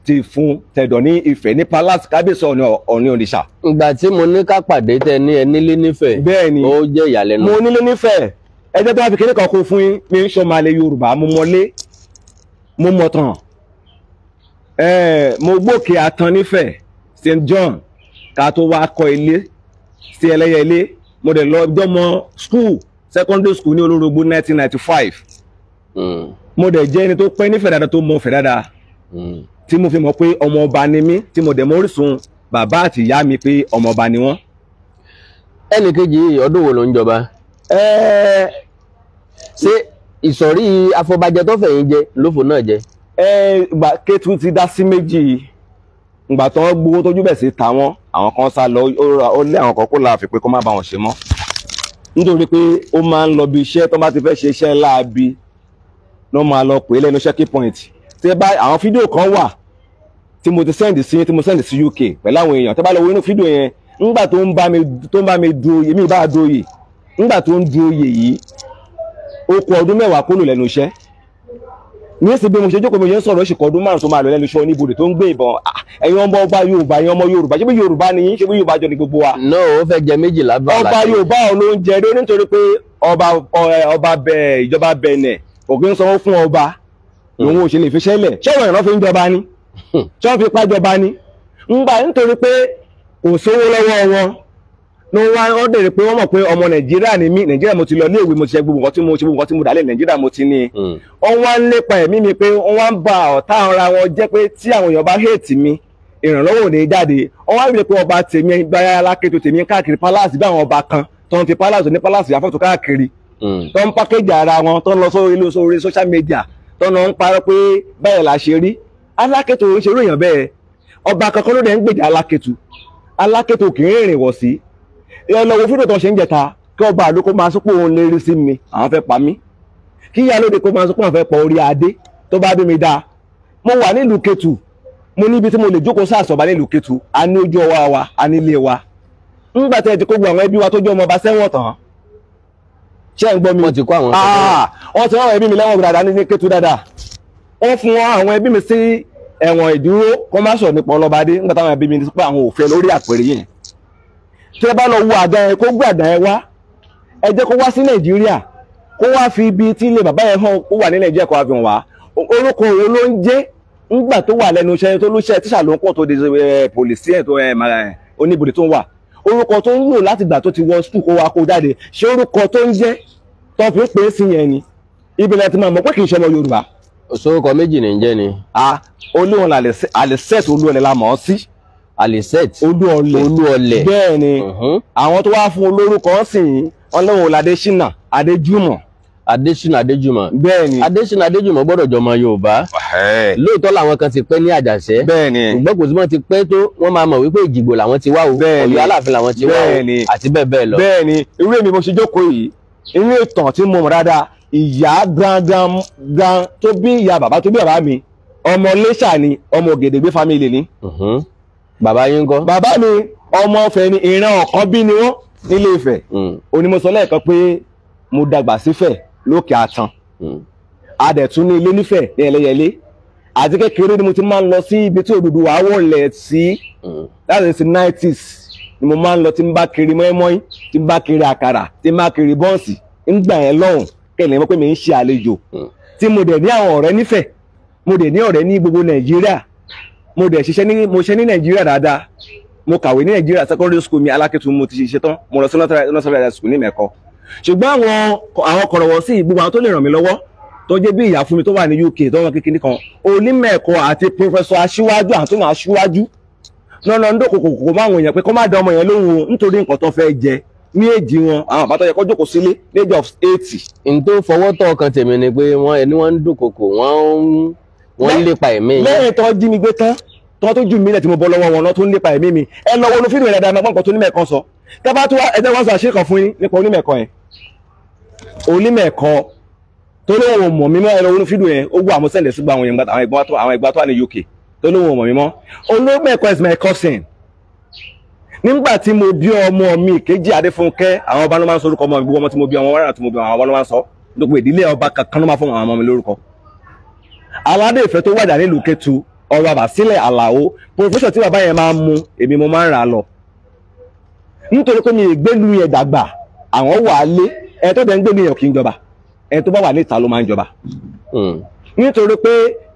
ti fún tẹ̀dọ̀ ní Ifẹ̀ ní palace kábíyèsí ọ̀nà ọ̀nì òrìṣà. ìgbà tí mo ní ká pàdé tẹ ní ẹ nílé nífẹ̀ẹ́ bẹ́ẹ̀ ni ó jẹ́ ìyàlẹ́nu. mo nílé nífẹ̀ẹ́ ẹjẹ́ tó wá fi kéde kan kún fún yín mi ń ṣọmọ alẹ́ Yorùbá mo mọlé mo mọ̀ tàn mo gbókè àtàn nífẹ̀ẹ́ St John ká tó wá kọ́ ilé sí ẹlẹ́yẹlé mo dẹ̀ lọ dọ́mọ school secondary school ní olórogbo nineteen ninety five hmm. mo dẹ̀ jẹ́ ẹni tó pẹ́ nífẹ̀ẹ́ dáadáa tó mọ fẹ̀ dáadáa hmm. tí mo fi mọ̀ pé ọmọ ọba ni mí tí mo dẹ̀ mọ orísun bàbá àti ìyá mi pé ọmọ ọba ni wọ́n. ẹnì kejì ọdún wo ló ń jọba. ṣé ìsọ̀rí afọbajẹ tó fẹ̀yìn jẹ lófo náà jẹ. ìgbà kẹ́tù ti dá sí méjì ìgbà tó ń gbowó tójú bẹ̀ sí ta wọn àwọn kan sá lọ ó lé àwọn kan kó la fi pé kó má bá wọn ṣe mọ́ nítorí pé ó máa ń lọ bí iṣẹ́ tó bá ti fẹ́ ṣe iṣẹ́ láabi ló máa lọ pè é lẹ́nu iṣẹ́ key point tí bá àwọn fídíò kan wà tí mo ti send sí tí mo send sí UK pẹ̀lú àwọn èèyàn tí bá lọ wo inú fídíò yẹn ńgbà tó ń bá mi tó ń bá mi du oyè mi bá du oyè ńgbà tó ń du oyè yìí ó kù ọdún mẹ́wàá kúrò lẹ́nu iṣẹ́ ní èsì bí mo ṣe jókòó mi yẹn sọ̀rọ̀ ìṣìkọ̀ ọdún márùn tó máa lọ lẹ́nu iṣẹ́ oníbodè tó ń gbé ìbọn ah, ẹ̀yin ọmọ ọba yorùbá ẹ̀yin ọmọ yorùbá ṣé bí yorùbá ni yín ṣé bí yorùbá jọ ni gbogbo wa. náà ó fẹ́ jẹ méjìlá bá wa. ọba yorùbá ọ̀nà oúnjẹ rí nítorí pé ọba ọba bẹ́ẹ̀ ìjọba bẹ̀nẹ̀ òkè ń sanwó fún ọba lòun hmm. ò ṣe lè fi ṣẹlẹ̀ ṣé wọ̀nyí lọ́ fi ń jọba ni hmm. ṣé wọ́n fi pá jọba ni ńgbà nítorí pé kò sówó lọ́wọ́ wọn ló wá ó dèrè pé wọ́n mọ̀ pé ọmọ nàìjíríà ni mí nàìjíríà mo ti lọ léèwé mo ti ṣe gbogbo nǹkan tí mo ṣe gbogbo nǹkan tí mo dálẹ̀ nàìjíríà mo ti ní wọ́n hmm. wá ń lépa ẹ̀mí mi pé wọ́n wá ń ba ọ̀tá ara wọn jẹ́ pé tí àwọn èèyàn bá hate mi ìrànlọ́wọ́ ò ní jáde wọ́n wá ń lè pé ọba tèmi gbáyà alákètò tèmi káàkiri palace bí àwọn ọba kan tó ń fi palace ní palace àfọ́tò káàkiri hmm. tó ń pákéjì ara wọn tó ń lọ sórí social media tó ń lọ ń parọ́ pé báyìí la ṣe rí alákètò ń ṣerú èèyàn bẹ́ẹ̀ ọba kankan ló dẹ̀ ń gbèjà alákètò alákètò kì í rìnrìn wọ̀ sí ẹ lọ wo fídíò tó ṣe ń jẹta kí ọba àdó kó máa sọ pé òun lè rí sí mi àwọn fẹ́ pa mí kí ìyá lóde kó máa sọ pé àwọn fẹ́ pọ̀ orí adé tó bá bí mi dáa mo wà nílùú Kétu mo níbi tí mo lè jókòó sáàsọ̀bà nílùú Kétu a ní ojú ọwọ́ wa a nílé wa ńgbà tẹ́ ẹ ti kó gbọ́ àwọn ẹbí wa tó jẹ́ ọmọ ọba sẹ́wọ̀n tán ṣé ń gbọ́ mi wọ́n ti kó àwọn ọ̀tún ah, àwọn ẹbí mi lẹ́wọ̀n dáadáa ní Kétu dáadáa wọ́n fún àwọn ẹbí mi sí ẹ̀wọ̀n ìdúró kọ́máṣọ̀ nípa ọlọ́badé ńgbà táwọn ẹbí mi ti pé àwọn òfin lórí àpèrè yìí tí ẹ bá lọ wo àga yẹn kó gbé àga wá ẹ jẹ́ kó wá sí nàìjíríà kó fi ibi tí ilé bàbá yẹn hàn ó wà ní nàìjíríà kó wá fi orúkọ òun ló ń ńgbà tó wà lẹnu tó tíṣà ló tó di pòlìsì ẹ tó oníbòdì tó ń wà orúkọ tó ń ti wọ kó wá kó jáde ṣé orúkọ tó ń ibi ti máa pé kì í ṣe ọmọ yorùbá. ni. a olóhùn àlẹ́ sẹ́ẹ̀tì olóhùn la mọ̀ ọ́ Alisette, Olúọlẹ̀ Olúọlẹ̀ bẹ́ẹ̀ ni uh-huh. àwọn tó wá fún olórúkọ sì ń ọlọ́wọ́ Adésínà Adéjùmọ̀ adésínà adéjùmọ̀ bẹ́ẹ̀ni adésínà adéjùmọ̀ gbọ́dọ̀ jọmọ yorùbá lóòótọ́ làwọn kan ti pẹ́ ní àjàṣẹ́ bẹ́ẹ̀ni ṣùgbọ́n kò sí mọ́ ti pẹ́ tó wọ́n máa mọ̀ wípé ìjìgbò làwọn ti wá o ni aláàfin làwọn ti wá o àti bẹ́ẹ̀ bẹ́ẹ̀ lọ. bẹ́ẹ̀ni irú èmi mo ṣe jókòó yìí inú ìtàn tí mo mọ̀ dáadáa ìyá gangan tó bí ìyá bàbá tó bí bàbá mi ọmọ lẹ́ṣà ni ọmọ Ògèdèngbé family ni uh-huh bàbá yín kọ́. bàbá mi ọmọ Ifẹ̀ ni ìran ọ̀kan bí ni wọ́n nílé Ifẹ̀ onímọ̀sọ́ hmm. lẹ́ẹ̀kan pé mo dàgbà sífẹ̀ lókè àtàn hmm. adẹ̀tún ní ilé nífẹ̀ ní ẹlẹ́yẹlé àti kékeré ni mo ti máa ń lọ sí ibi tí òdòdó wàá wọ̀lẹ̀ sí láti hmm. ṣe nineties ni mo máa ń lọ tí n bá kiri mọ́ínmọ́ín tí n bá kiri àkàrà tí n bá kiri bọ́ǹsì ń gbà yẹn lọ́hùn kẹlẹ̀ mọ́ pé mi ń ṣe àlejò tí mo dẹ̀ ní àwọn ọ̀rẹ́ nífẹ̀ mo dẹ̀ ní ọ̀rẹ́ ní gbogbo Nàìjíríà mo dẹ̀ ṣiṣẹ́ ní mo ṣe ní nàìjíríà dáadáa mo kàwé ní nàìjíríà secondary school mi alákẹ́tù mo ti ṣiṣẹ́ tán mo lọ sí nọ́sọ̀rọ̀ school ní mẹ́kọ ṣùgbọ́n àwọn àwọn kọ̀rọ̀wọ́ sí gbogbo àwọn tó lè ràn mí lọ́wọ́ tó jẹ́ bí ìyá fún mi tó wà ní UK tó wọn kékeré kan onímẹ̀ẹ̀kọ́ àti pòfẹ́sọ aṣíwájú àti tóun aṣíwájú lọ́nà ń dòkòkò kò máa wọ̀nyàn pé kó má da ọmọ yẹn lóhùn nítorí nǹkan tó fẹ́ jẹ ní èjì wọn àwọn àbátọ yẹ kó jókòó sílé ní age of eighty. n tó fọwọ́ tọ́ ọkàn tèmi ni pé wọ́n ẹni wọ́n ń dòkòkò wọ́n ń lépa ẹ̀mí. lẹ́yìn tó jí mi gbé tán tọ́ tó jù mí lẹ̀ mo bọ́ lọ́wọ́ wọn lọ tó ń lépa ẹ̀mí mi ẹ lọ wọnú fídíò rẹ̀ dáadáa mọ́ nǹkan tó nímọ̀ ẹ̀kan sọ tábà tó ẹ̀jẹ̀ wọn sọ àṣekọ̀ fún yín nípa onímọ̀ ẹ̀kan yẹn onímọ̀ ẹ̀kan tó lóun ò mọ̀ mímọ́ ẹ lọ wọnú fídíò yẹn ó gbọ́ àmọ́ sẹ́ndẹ̀ sí gba àwọn ìgbà tó is my cousin nígbà tí mo bí ọmọ mi kejì Adéfúnkẹ́ àwọn ọba ló máa ń mo bí ọmọ wẹ́rà tí mo bí àwọn ọba ló máa ń sọ gbogbo ìdílé ọba kankan ló máa tó ọ̀rọ̀ àbàsílẹ̀ àlàó profession tí bàbá yẹn máa ń mu èmi mo máa ń rà lọ nítorí pé mi ì gbélu yẹn dàgbà àwọn wà á lé ẹ tó dẹ̀ ń gbélu yẹn kì í jọba ẹ tó bá wà níta ló máa ń jọba hmm. nítorí pé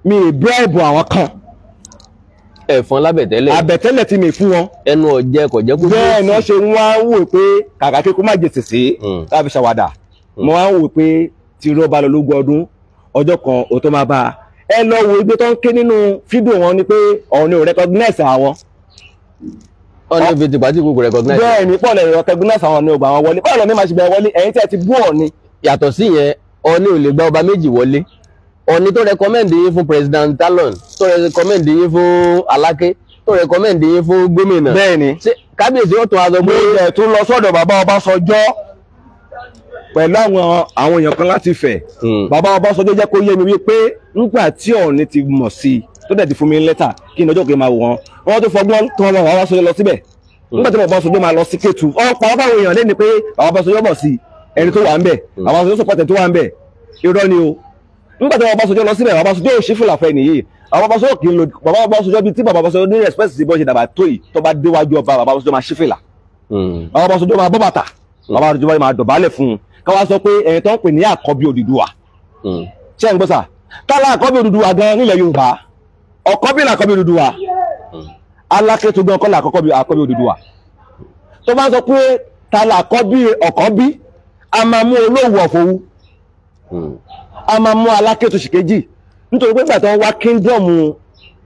mi ì bírèbù àwọn kan ẹ̀fọn lábẹ̀tẹ́lẹ̀ àbẹ̀tẹ́lẹ̀ ti mi fún wọn. ẹnu ọ̀jẹ̀ kò jẹ́ kó. bẹ́ẹ̀ náà ṣe ń wá wò pé kàkà kí kó má jèsì ẹ lọ wo ibi tó ń ké nínú fídíò wọn ni pé ọ̀hún ni ò recognize àwọn. ọ̀nà ìbí ti pàtí kò recognize. bẹ́ẹ̀ ni pọ́ọ̀lù ẹ̀rọ recognize àwọn ni ò gbà wọn wọlé pọ́ọ̀lù mi máa ṣe bẹ̀rẹ̀ wọlé ẹ̀yin tí ẹ ti bú ọ̀ni. yàtọ̀ sí yẹn ọ̀ni ò lè gba ọba méjì wọlé ọ̀ni tó recommend yín fún president Talon tó recommend yín fún Aláké tó recommend yín fún gómìnà. bẹ́ẹ̀ ni kábíyèsí ó tún aṣọ gbé. mo ilẹ̀ tún lọ sọ́dọ̀ bàbá Ọbásanjọ́ pẹ̀lú àwọn àwọn èèyàn kan láti fẹ̀ bàbá Ọbásanjọ́ jẹ́ kó yé mi wípé nígbà tí Ọọ̀ni ti mọ̀ sí i tó dẹ̀ ti fún mi lẹ́tà kí n ọjọ́ kí n máa wò wọ́n wọ́n tó fọgbọ́n tó wọn wọ́n wá sọ́jọ́ lọ síbẹ̀ nígbà tí bàbá Ọbásanjọ́ máa lọ sí Kétu ọ̀pọ̀ àwọn èèyàn lẹ́ni pé bàbá Ọbásanjọ́ bọ̀ sí ẹni tó wà ń bẹ̀ bàbá Ọbásanjọ́ sọpọ̀tẹ̀ tó wà ń bẹ̀ irọ́ ni o nígbà tí bàbá Ọbásanjọ́ lọ síbẹ̀ bàbá Ọbásanjọ́ òṣì fìlà fẹ́ nìyí bàbá Ọbásanjọ́ kì í lo bàbá Ọbásanjọ́ bíi tí bàbá Ọbásanjọ́ ní respect sí bó ṣe dàgbà tó yìí tó bá déwájú ọba bàbá Ọbásanjọ́ máa ṣí fìlà bàbá Ọbásanjọ́ máa bọ́ bàtà bàbá àdójú báyìí máa dọ̀bálẹ̀ fún un káwa sọ pé ẹ̀yìn tó ń pè ní àkọ́bí Odùduwà hmm. ṣé ń gbọ́ sà kálá àkọ́bí Odùduwà gan nílẹ̀ Yorùbá ọ̀kọ́bí là àkọ́bí Odùduwà hmm. aláké tó gbọ́n kọ́lá àkọ́bí Odùduwà tó bá sọ pé ta là àkọ́bí ọ̀kọ́bí a máa mú olóòwò ọ̀fọ̀wù hmm. a máa mú aláké tó ṣìkejì nítorí pé gbàtọ́ wá kingdom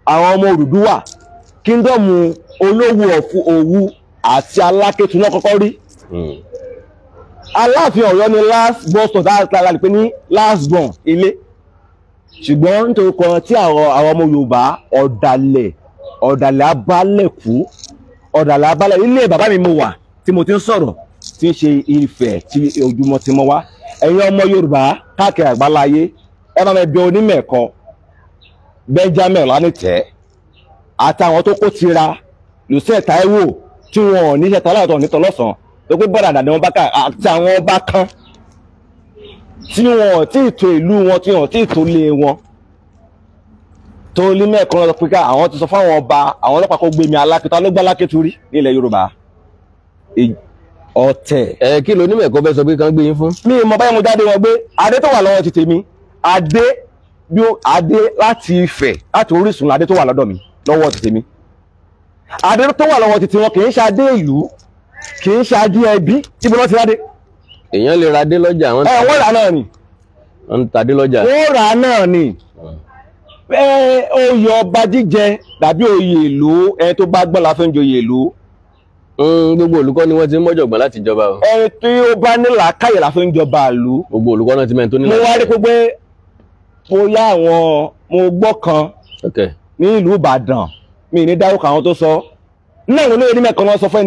àwọn ọmọ Odùduwà kingdom olówó ọ̀fọ̀ àti aláké tó náà kọ́kọ́ rí aláàfin ọ̀yọ́ ni last born son lára lè pé ní last born ilé ṣùgbọ́n nítorí kan tí àwọn ọmọ yorùbá ọ̀dàlẹ̀ ọ̀dàlẹ̀ abálẹ̀kú ọ̀dàlẹ̀ abálẹ̀ ilé bàbá mi mo wà tí mo ti ń sọ̀rọ̀ tí ń ṣe ìfẹ́ tí ojúmọ́ ti mọ́ wá ẹ̀yin ọmọ yorùbá káàkiri àgbáláyé ẹ bá mi bẹ onímọ̀ benjamin ọ̀lànìtẹ́ àtàwọn tó kó tira lucette taiwo tí wọn ò ní ṣe tọ́lá ọ̀tọ̀ nítọ́lọ́sàn tó pé bọ́dà dàdé wọn bá kà àti àwọn bá kán tí wọn tí ì tó ìlú wọn tí wọn tí ì tó lé wọn tó lé mẹ́ẹ̀kan lọ pé ká àwọn ti sọ fáwọn ọba àwọn ọlọ́pàá kó gbẹmí alákìtá ló gbá alákìtú rí ní ilẹ̀ Yorùbá ọ̀tẹ̀. ẹ kí ló onímọ̀ ẹ̀kọ́ bẹ́ẹ̀ sọ pé kàn gbé yín fún. mi mọ báyọ̀ mo jáde wọn gbé adé tó wà lọ́wọ́ ti tèmi adé bí ó adé láti Ifẹ̀ láti Orísun adé tó wà lọ́dọ̀ mi lọ́wọ́ ti tèmi adé tó wà lọ́wọ́ ti tèmi wọn kì í ṣe adé ìlú kì í ṣáájú ẹbí ibi wọ́n ti rádé. èèyàn lè radé lọ́jà wọn. ẹ wọ́n rà náà ni. wọ́n ń tadé lọ́jà. wọ́n rà náà ni. ẹ oyè ọba jíjẹ tàbí oyè ìlú ẹ tó bá gbọ́n la fi ń joyè ìlú. gbogbo olùkọ́ ni wọ́n ti ń mọ́jọ̀gbọ́n láti jọba o. ẹ tí ó bá ní làákàyè la fi ń jọba ìlú. gbogbo olùkọ́ náà ti mẹ́ni tó ní làákàyè. mo wá rí pé mo yá àwọn mo gbọ́ kan ní ìlú Ìbàdàn mi ní dárúkọ àwọn tó sọ náà wọn lóye ní mẹ́kan wọn sọ fún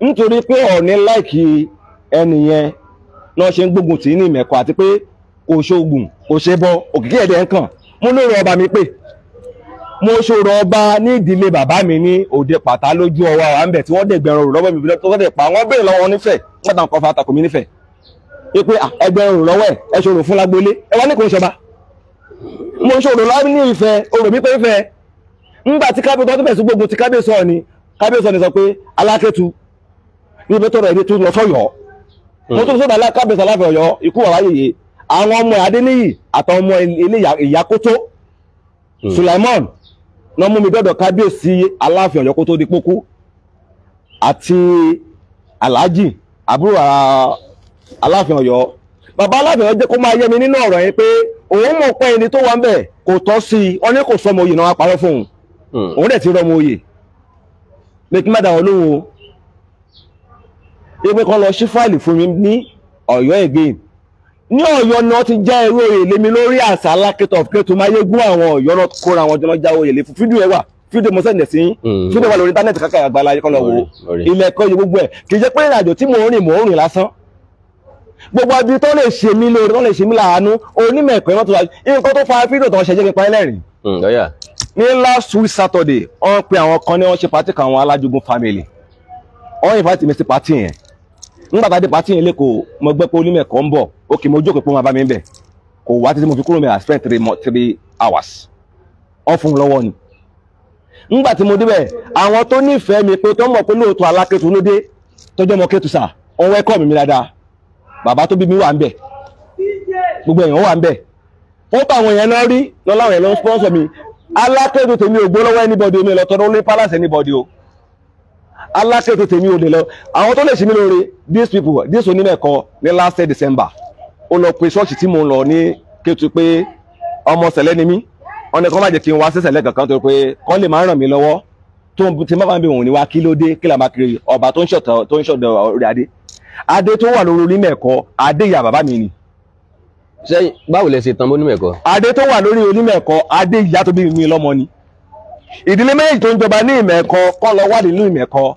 nítorí pé ọ̀ọ́ni láìkí ẹni yẹn náà ṣe ń gbógun tì í ní ìmẹ̀kọ àti pé kò ṣoògùn kò ṣe bọ òkìkí ẹ̀dẹ̀ ń kàn mo lóore ọba mi pé mo ṣòro ọba ní ìdílé bàbá mi ní òde pàtà lójú ọwọ́ àwọn àmbẹ̀ tí wọ́n dẹ̀ gbẹ̀rún rò lọ́wọ́ mi tó wọ́n dẹ̀ pa wọ́n béèrè lọ́wọ́ nífẹ̀ẹ́ wọ́n tàn kọ́ fa àtàkùn mi nífẹ̀ẹ́ pé ẹgbẹ̀rún rò lọ́wọ́ ẹ̀ ẹ ṣòro fún lágbólé ẹ wá ní kò ń ṣọba mo ṣòro lọ́wọ́ ní ìfẹ́ orò mi pé ìfẹ́ ńgbà tí kábíyèsí ọ̀ ni kábíyèsí ni sọ pé alákẹ́tu níbi tọrọ ẹni tó lọ sọ́yọ́ hmm. mo tó sọ́dọ̀ kábíyèsí aláfẹ́ ọ̀yọ́ ikú wàrà yèyé àwọn ọmọ adéníyì àtàwọn ọmọ ilé ìyàkótó hmm. Sulaiman náà mú mi dọ́dọ̀ kábíyèsí aláfẹ́ ọ̀yọ́ kó di pókú àti alhaji àbúrò aláfẹ́ ọ̀yọ́ bàbá aláfẹ́ ọ̀yọ́ jẹ́ kó máa yé mi nínú ọ̀rọ̀ yẹn pé òun mọ̀ pé ẹni tó wà ń bẹ̀ kò tọ́ sí i ọ ní kò sọmọ oyè náà wá fún òun hmm. òun dẹ̀ ti rọmọ oyè pé kí má dá wọn lóhùn o pé kán lọ ṣí fáìlì fún mi ní Ọ̀yọ́ again ní Ọ̀yọ́ ni wọ́n ti já èrò èlé mi lórí àṣà alákẹ́tọ̀ kẹ́tù máyégún àwọn Ọ̀yọ́ náà kóra àwọn jọlọ jáwó èlé fún fídíò ẹ wà fídíò mo sẹ́ndẹ̀ sí hmm. fídíò wà lórí íńtánẹ́ẹ̀tì kákà àgbàlá ayé kan lọ wò ilẹ̀ ẹ̀kọ́ yìí gbogbo ẹ̀ kì í jẹ́ pé ìrìnàjò tí mò ń rìn mò ń rìn lásán gbogbo ibi tó lè ṣe mí lóore tó lè ṣe mí láàánú onímọ̀ ẹ̀kọ́ ẹ̀ mọ́tò nǹkan tó fa fídíò tó ṣẹ̀jẹ̀ mi pa ẹlẹ́rìn ní last week Saturday wọ́n pe àwọn kan ní wọ́n ṣe pàtí kan àwọn alájogun family wọ́n yìnbọn ti mi sí pàtí yẹn nígbà tá a dé pàtí yẹn lẹ́kọ̀ọ́ mo gbẹ́ pé onímẹ̀kọ́ ń bọ̀ òkè mo jókòó pé wọ́n bá mi bẹ̀ kò wá títí mo fi kúrò mi I spend three three hours wọ́n fún un lọ́wọ́ ni nígbà tí mo débẹ̀ àwọn tó nífẹ̀ẹ́ mi pé tó mọ̀ pé lóòótọ́ alákẹ́tù ló dé tọ́jọ́ mọ kẹ́tù sà wọ́n wẹ́kọ̀ mi mi dáadáa bàbá tó bí mi wà ń bẹ̀ gbogbo èèyàn wà ń bẹ̀ ó àwọn èèyàn náà rí lọ́láwọn èèyàn ló sponsor mi alákẹ́dù tèmi ò gbọ́ lọ́wọ́ anybody omi lọ tọdún ní palace anybody o alákẹ́dù tèmi ò lè lọ àwọn tó lè ṣe mí lóore these people these onímẹ̀kọ ní last day December ó lọ pe ṣọ́ọ̀ṣì tí mo ń lọ ní kétu pé ọmọ sẹ̀lẹ̀ ni mí wọn ni kọ́ máa jẹ́ kí n wá sí sẹ̀lẹ̀ kankan tó pé kọ́ lè máa ràn mí lọ́wọ́ tó ń ti máa ń bí òun ni wá kí ló dé kí là máa kiri ọba tó ń ṣọ̀dọ̀ orí adé adé tó wà lórí onímẹ̀kọ adé ìyá bàbá mi ni sẹ́yìn báwo lẹ ṣe tán mọ́ onímẹ̀kọ́. adé tó wà lórí onímẹ̀kọ́ adé ìyá tó bí mi lọ́mọ ni ìdílé méjì tó ń jọba ní ìmẹ̀kọ́ kọ́ lọ wádìí nínú ìmẹ̀kọ́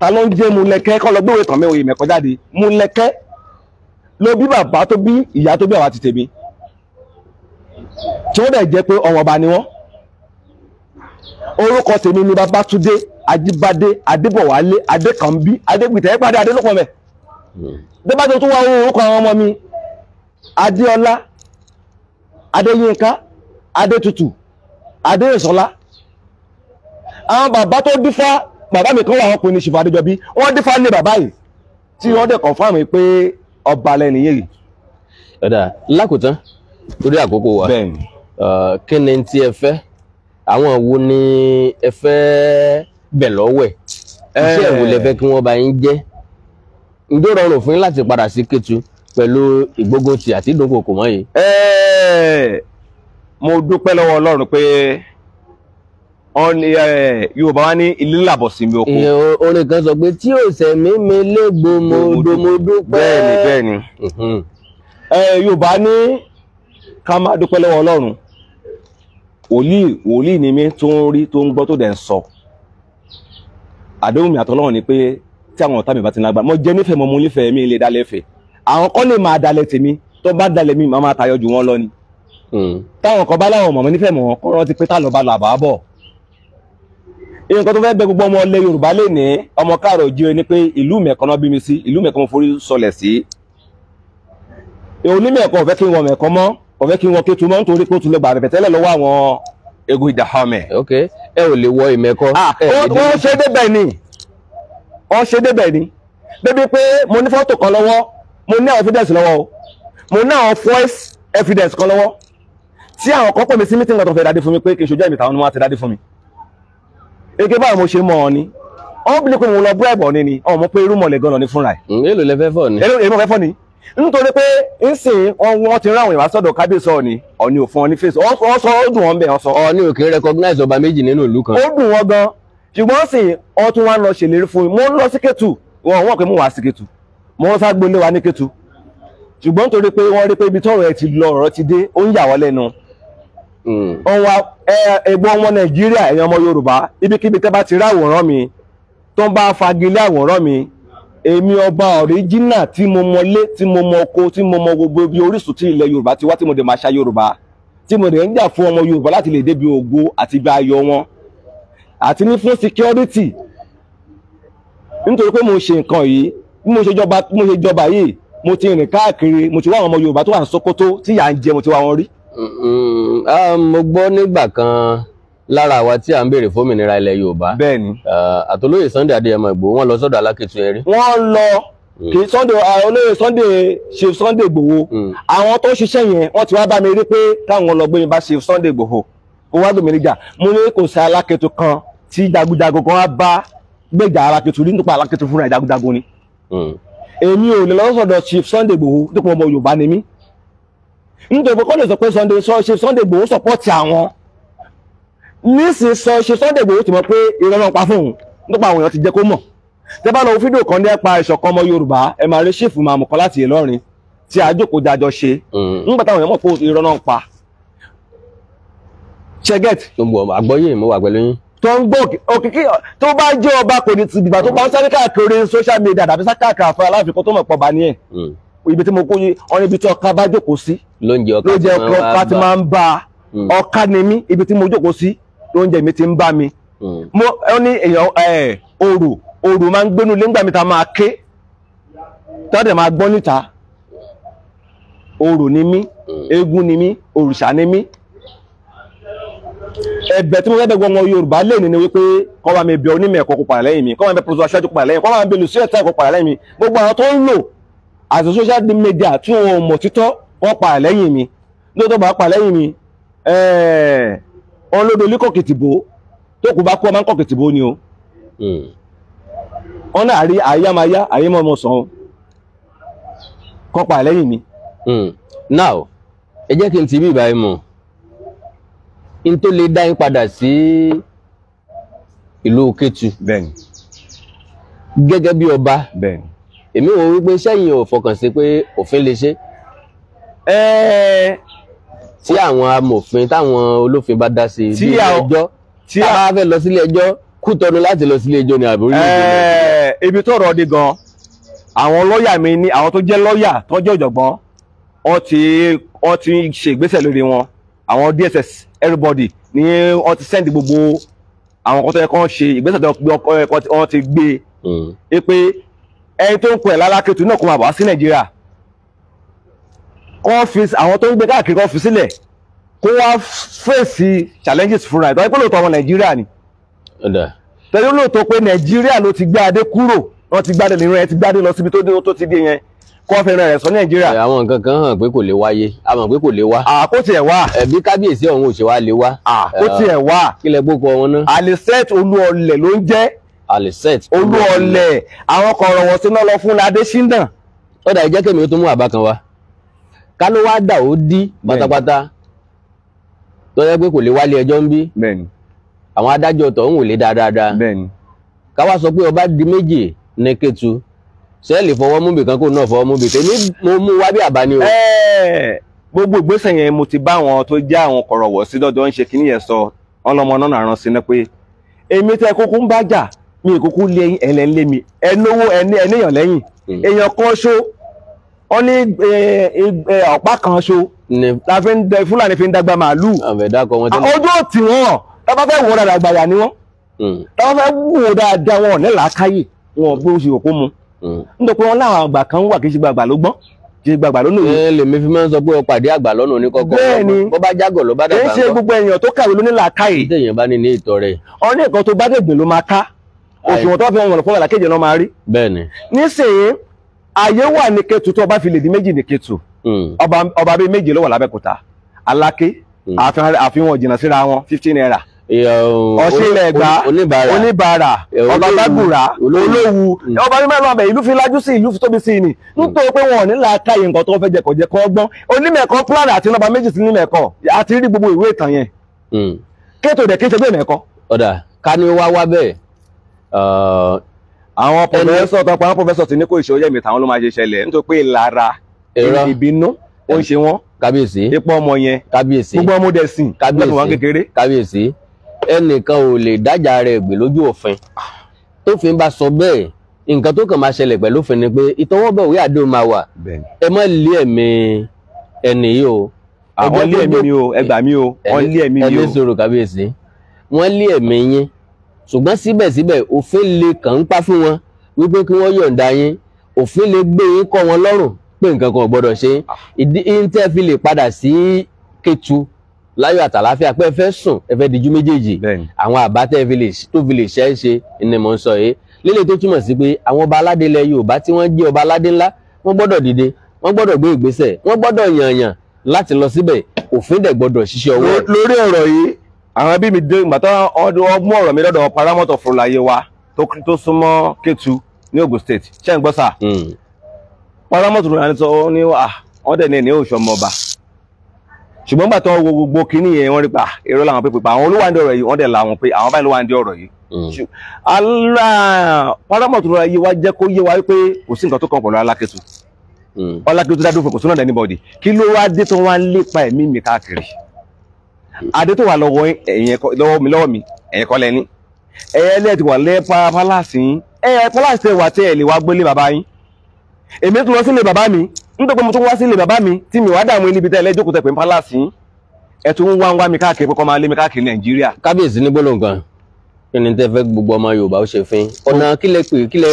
ta ló ń jẹ́ Mulẹ̀kẹ́ kọ́ lọ gbéwèé tàn mẹ́wòye ìmẹ̀kọ́ jáde Mulẹ̀kẹ́ ló bí bàbá tó bí ìyá tó bí àwa ti tèmi tí wọ́n dẹ̀ jẹ́ pé ọmọ ọba ni wọ́n orúkọ tèmi ni Babátúndé Ajíbádé Adébọ̀wálé Adékànbí Adégbìtẹ́ pàdé Adélọ́pọ̀ mẹ́ hmm. débàtò tó wá orúkọ àwọn ọmọ mi adéọlá adéyínká adétutù adéyèsọlá àwọn bàbá tó dífá bàbá mi kan wà wọn pè ní ṣìfà adéjọbí wọn dífá lé bàbá yìí tí wọn dẹ̀ confirm pé ọba lẹ́nìyẹn yìí. ọ̀dà lákòótán lórí àkókò wa kí ni tí ẹ fẹ́ àwọn wo ni ẹ fẹ́ bẹ̀ lọ́wẹ̀ iṣẹ́ ìwòlẹ́fẹ́ kí wọ́n bá yín jẹ́ ǹjẹ́ rọrùn fún yín láti padà sí Kétu pẹ̀lú ìgbógunti àti ìdúnkòkò mọ́ yìí. mo dúpẹ́ lọ́wọ́ ọlọ́run pé yorùbá wa ní ilé làbọ̀ sí mi oko. orin kan sọ pé tí òsè mi mi légbò mo do mo dúpẹ́. bẹ́ẹ̀ni bẹ́ẹ̀ni mhm. yorùbá ní ká máa dúpẹ́ lọ́wọ́ ọlọ́run wòlíì wòlíì ni mi tó ń rí tó ń gbọ́ tó dẹ̀ ń sọ àdéhùn mi àtọ́lọ́run ni pé tí àwọn ọ̀tá mi bá ti lágbára mo jẹ́ nífẹ̀ẹ́ mo mú nífẹ̀ẹ́ mi lè dá lẹ́fẹ̀ẹ́ àwọn kan lè máa dalẹ̀ tèmi tó bá dalẹ̀ mi màá máa tayọ jù wọ́n lọ ni. Hmm. táwọn kan bá láwọn mọ̀mọ́ nífẹ̀ẹ́ mọ̀ kọ́ rántí pé táwọn bá làbá bọ̀. nǹkan tó fẹ́ bẹ gbogbo ọmọ ilẹ̀ Yorùbá lè ní ọmọ káàrọ̀ jíire ni pé ìlú mẹ̀kọ́ náà bí mi sí ìlú mẹ̀kọ́ mo forí sọlẹ̀ sí. onímẹ̀kọ́ ọ̀fẹ́ kí n wọ mẹ̀kọ́ mọ́ ọ̀fẹ́ kí n wọ kétu mọ́ nítorí pé ó tún lè gbà rẹ̀pẹ̀tẹ́lẹ̀ lọ́wọ́ àwọn egun ìdàhámẹ́. ok ẹ ò lè wọ ìmẹ̀kọ́. ó ṣe débẹ̀ ni ó ṣe débẹ̀ ni débi pé mo ní fọ́tò kan lọ́wọ́ mo ní àwọn evidence lọ́wọ́ o mo ní àwọn voice evidence kan lọ́wọ́ tí àwọn kan pè mí sí meeting kan tó fẹ́ dáadé fún mi pé kì í ṣojú ẹ̀mí táwọn ni wọ́n ti dáadé fún mi ege báwo mo ṣe mọ̀ ọ́ ni wọ́n bí pé mo lọ bú ẹ̀bọ̀ ni ni ọmọ pé irú mọ̀lẹ̀ gan-an ni fúnra ẹ̀. Mm, èlò lẹ fẹ́ fọ́ ni. èlò fẹ́ fọ́ ni nítorí pé nsìn wọn ti ráwọn ìwà sọ́dọ̀ kábíyèsí ọ̀ni ọ̀ni òfin ọ̀ni fèsì ọ sọ ó dùn wọn bẹ́ẹ̀ ọ sọ. ọ̀ni ò kì recognize ọba méjì nínú ìlú kan. ó dùn wọn gan ṣùgbọ́n sìn ọ tún wá lọ ṣèlérí fún mi mo ń lọ síkẹ̀tù wọn wọn pé mo wà síkẹ̀tù mọ́ ságbólé wa ní Kétu ṣùgbọ́n nítorí pé wọ́n rí pé ibi tọ́rọ̀ ẹ ti lọ ọ̀rọ̀ ti dé ó ń yà wọ́n lẹ́nu hmm. ọ̀wà ẹ̀gbọ́n ọmọ Nàìjíríà ẹ̀yàn ọmọ Yorùbá ibikíbi tẹ́ bá ti rí àwòrán mi tó ń bá fagilé àwòrán mi èmi ọba ọ̀ríjínà tí mo mọlé tí mo mọ oko tí mo mọ gbogbo ibi orísun tí ilẹ̀ Yorùbá ti wá tí mo dẹ̀ máa ṣa Yorùbá tí mo dẹ̀ ń jà fún ọmọ Yorùbá láti lè débi ògo àti gba ayọ̀ wọn àti ní fún security nítorí pé mo ṣe nǹkan yìí bí mo ṣe jọba bí mo ṣe jọba yìí mo ti rìn káàkiri mo ti wá àwọn ọmọ Yorùbá tó wà ní Sokoto tí yà ń jẹ mo ti wá wọn rí. Mm-hmm. Ah, mo gbọ́ nígbà kan lára àwa tí à ń béèrè fómìnira ilẹ̀ Yorùbá bẹ́ẹ̀ni ah, àtolóyè Sunday Adéyẹmọ Ìgbò wọ́n lọ sọ́dọ̀ Alákìtú Ẹrí. wọ́n lọ mm. kì í Sunday ah, olóyè Sunday Chief Sunday Ìgbòho mm. àwọn tó ṣiṣẹ́ yẹn wọ́n ti wá bá mi rí pé táwọn lọ gbóyin bá Chief Sunday Ìgbòho kó wá gbèmí níjà mo ní kò sí Alákìtú kan tí jagunjagun kan wá bá gbèjà Alákìtú rí nípa Alákìtú fúnra ìjagunjagun ni èmi ò lè lọ́sọ̀dọ̀ Chief Sunday Igboho dípò ọmọ Yorùbá ni mí nítorí pé kọ́ lè sọ pé Sunday sọ Chief Sunday Igboho sọpọ́ọ̀tì àwọn nísìnyí sọ Chief Sunday Igboho ti mọ̀ pé ìrọ̀rùn pa fóun nípa àwọn èèyàn ti jẹ́ kó mọ̀ tẹ́ bá lọ fídíò kan nípa ìṣọ̀kan ọmọ Yorùbá ẹ máa rí Chief Mamu kan láti Ìlọrin tí àjòkòjájọ ṣe mm. nígbà táwọn èèyàn mọ̀ pé ìrọ̀rùn pa ṣẹgẹ́t. àgbọ́yé mi wà pẹ̀lú yín tó ń gbọ́ òkìkí tó bá jẹ́ ọba kò ní ti dìgbà tó bá ń sáré káàkiri social media àdàbí sá káàkiri àfọ aláàfikún tó mọ̀ pọ̀ bá ní ẹ̀ hmm. ibi tí mo kó yín ọ̀rẹ́ ibi tí ọ̀ka bá jókòó sí lóúnjẹ ọ̀ka ti máa ń bá ọ̀ka hmm. ni mí ibi tí mo jókòó sí lóúnjẹ mi ti ń bá mi hmm. mo ní èèyàn òrò òrò máa ń gbénu nígbà mi ta máa ké tọ́dẹ̀ máa gbọ́ níta òrò ni mí eégún ni mí òrìṣà ni mí ẹ̀bẹ̀ tí mo fẹ́ bẹ̀ gbọmọ Yorùbá lè ní ni wípé kọ́ bá mi bẹ onímọ̀ ẹ̀kọ́ kó padà lẹ́yìn mi kọ́ bá mi bẹ pọ̀lọ́sọ aṣáájú kó padà lẹ́yìn kọ́ bá mi bẹ lùsí ẹ̀tọ́ ẹ̀kọ́ padà lẹ́yìn mi gbogbo àwọn tó ń lò àti social media tí wọn ò mọ̀ títọ́ wọ́n padà lẹ́yìn mi lóòótọ́ bá padà lẹ́yìn mi wọn lóde oníkọ̀kìtìbó tó kù bá kú ọmọ kọ̀kìtìbó ni o hmm. wọn náà hmm. now ẹ jẹ́ kí n ti bí ìbáyìí mọ̀ n tó lè dá yín padà sí ìlú Kétu bẹ́ẹ̀ni gẹ́gẹ́ bí ọba bẹ́ẹ̀ni èmi wò wípé sẹ́yìn ò fọkàn sí pé òfin lè ṣe ẹẹ tí àwọn amòfin táwọn olófin bá dá sí ilé ẹjọ́ tí a bá fẹ́ lọ sílé ẹjọ́ Kútọ̀nù láti lọ sílé ẹjọ́ ni àbí orílẹ̀-èdè. ẹẹ ibi tó rọ di gan àwọn lọ́ọ̀yà mi ní àwọn tó jẹ́ lọ́ọ̀yà tó jẹ́ ọ̀jọ̀gbọ́n wọ́n ti ṣègbésẹ̀ lórí wọn àwọn DSS everybody ni wọ́n ti send gbogbo àwọn ọkọ tó yẹ kán ṣe ìgbésẹ̀ tó gbé ọkọ ẹ̀kọ́ tí wọ́n ti gbé e pé ẹni tó ń pẹ̀ lálákẹ́tù náà kó máa bọ̀ sí nàìjíríà kó àwọn tó ń gbé káàkiri kó fi kó wá fèsì challenges fúnra ẹ̀ tó yẹ pé lóòótọ́ ọmọ nàìjíríà ni tẹ̀lé lóòótọ́ pé nàìjíríà ló ti gbé adé kúrò wọ́n ti gbádé lè rán ẹ ti gbádé lọ síbi tó dé tó ti dé yẹn kọ́ fẹ́ràn rẹ̀ sọ nàìjíríà. àwọn nǹkan kan hàn pé kò lè wáyé a mọ̀ pé kò lè wá. àkó tiẹ̀ wá. ẹ̀bí kábíyèsí ọ̀hún ò ṣe wá lè wá. àkó tiẹ̀ wá. kílẹ̀ gbókò wọn náà. Alicet Olúọlẹ̀ ló ń jẹ́. Alicet Olúọlẹ̀ àwọn kan ọ̀rọ̀ wọ̀ sí náà lọ fún ládé ṣíndàn. ó dà jẹ́ kèmí ó tún mú àbá kan wá. ká ló wá dà ó dí pátápátá tó yẹ pé kò lè wálé ẹjọ́ ń bí. àwọn adájọ́ tọ̀hún ò lè dáadáa. ká wá sọ pé ọba di méjì ní Kétu sẹ́ẹ̀lì fọwọ́ mú bìkan kó náà fọwọ́ mú bìkan èmi mo mú wá bí àbá ni o. gbogbo ìgbésẹ̀ yẹn mo ti bá àwọn tó jẹ́ àwọn kọ̀rọ̀wọ̀ sí dọ́dọ̀ ń ṣe kí nìyẹn sọ ọlọ́mọ náà ràn sí ni pé èmi tẹ kókó ń bá jà mi ìkókó lé ẹlẹ́ ń lé mi ẹnówó ẹníyàn lẹ́yìn hmm. èèyàn kan ṣó ọ ní ọ̀pá kan ṣó la fi ń dẹ fúlàní fi ń dàgbà màálù ojú òtí wọn tá fẹ́ wọ dáadáa gbàyà ni wọn tá bá fẹ́ wọ dáadáa wọn hmm. ò ní làákàyè wọn ò gbé oṣù òkú mu. Mm. nítorí pé wọn láwọn àgbà kan wà kì í ṣe gbàgbà ló gbọ́n kì í gbàgbà ló lóye. ẹ lèmi fi máa ń sọ pé o pàdé àgbà lọ́nà oníkọ́kọ́ bẹ́ẹ̀ni bó bá jágọ̀ ló bá dàgbà lọ. kì í ṣe gbogbo èèyàn tó kàwé ló ní làákàyè. téèyàn bá ní ní ìtọ́rẹ. ọ̀nà ìkan tó bá dẹ̀gbìn ló máa ká òṣùwọ̀n tó bá fi wọn fún ọ̀làkejì náà máa rí. bẹ́ẹ̀ni. nísìnyí ayé wà ní ketu tó ọba fi lè di méjì ní ketu hmm. ọba bíi méjì ló wà ọ̀sìn ẹ̀gbá oníbàárà ọ̀bàbàgùrà olówú hmm. ọba mímọ́ ẹ̀rọ ọbẹ̀ ìlú fi lájú sí ìlú fi tóbi sí ni hmm. nítorí pé wọn ò ní làákà yìí nǹkan tó fẹ́ jẹ kò jẹ kọ́ gbọ́n onímẹ̀kọ́ plan àti nọmba méjì sí nímẹ̀kọ́ àti rí gbogbo ìwé ìtàn yẹn hmm. kéètò dẹ̀ kí n ṣe bẹ́ẹ̀ mẹ́kọ́. ọ̀dà ká ní wá wá bẹ́ẹ̀. àwọn pọfẹsọ tọpọ àwọn pọfẹsọ ti ní kó ìṣòro yẹmi táwọn ló máa ṣe ṣẹlẹ̀ nítorí pé ìlara ìbínú ó ń ṣe wọn kábíyèsí ẹnìkan ò lè dájà rẹ̀ gbè lójú òfin tófin bá sọ bẹ́ẹ̀ nǹkan tó kàn máa ṣẹlẹ̀ pẹ̀lú òfin ni pé ìtọwọ́bọ̀ òwe àdó máa wà ẹ má lé ẹ̀mí ẹnì yìí o. àwọn ah, lé ẹ̀mí mi o ẹgbà mi o wọ́n lé ẹ̀mí mi o. ẹni sọ̀rọ̀ kábíyèsí wọ́n lé ẹ̀mí yín ṣùgbọ́n síbẹ̀síbẹ̀ òfin lè kàn ń pa fún wọn wípé kí wọ́n yọ̀ǹda yín òfin lè gbé yín kọ́ wọn lọ́rùn pé nǹkan kan ò gbọ́dọ̀ ṣe ah. ìdí tẹ́ fi lè padà sí ketu láyọ̀ àtàláfíà pé ẹ fẹ́ sùn ẹ fẹ́ dijú méjèèjì àwọn àbátẹ́ tó fi lè ṣẹ́ ṣe ni mò ń sọ yìí lélẹ̀ tó túmọ̀ sí pé àwọn ọba aládé ilẹ̀ Yorùbá tí wọ́n jẹ́ ọba aládé ńlá wọ́n gbọ́dọ̀ dìde wọ́n gbọ́dọ̀ gbé ìgbésẹ̀ wọ́n gbọ́dọ̀ yànyàn láti lọ síbẹ̀ òfin dẹ̀ gbọ́dọ̀ ṣiṣẹ́ ọwọ́. lórí ọ̀rọ̀ yìí àwọn ẹbí mi dé gbàtọ́ wa tó súnmọ́ Kétu ní Ogun State ṣé ń gbọ́ sà hmm. ni ah, wọ́n dẹ̀ ní ní ṣùgbọ́n nígbà tó wo gbogbo kínní yẹn wọ́n rí pa ah, èrò làwọn pé pípa àwọn olúwa ń dọ̀rọ̀ yìí wọ́n dẹ̀ làwọn pé àwọn báyìí ló wà ń dé ọ̀rọ̀ yìí. Hmm. alá paramount rọra yé wa jẹ́ kó yé wa pé kò sí nǹkan tó kàn pẹ̀lú alákẹ́tù ọlákẹ́tù hmm. dádúró fún kò sónà anybody kí ló wá dé tó wá ń lépa ẹ̀mí mi káàkiri adé tó wà lọ́wọ́ mi lọ́wọ́ mi ẹ̀yẹ kọ́ lẹ́ni ẹ̀yẹ lẹ́ẹ̀tì wà lẹ́pa pálásì yín ẹ̀yẹ pálásì tẹ̀ wà tẹ̀ nítorí pé mo tún wá sí ilé bàbá mi tí mi wá dààmú ilé ibi tẹ́lẹ̀ jókòó tẹ̀pẹ̀ ń pálásì ẹ̀ tún wá ń wá mi káàkiri pé kọ́ máa lé mi káàkiri nàìjíríà. kábíyèsí ní gbólóhùn kan kí ni tẹ́ fẹ́ gbogbo ọmọ yorùbá ó ṣe fín ọ̀nà kí lẹ pè kí lẹ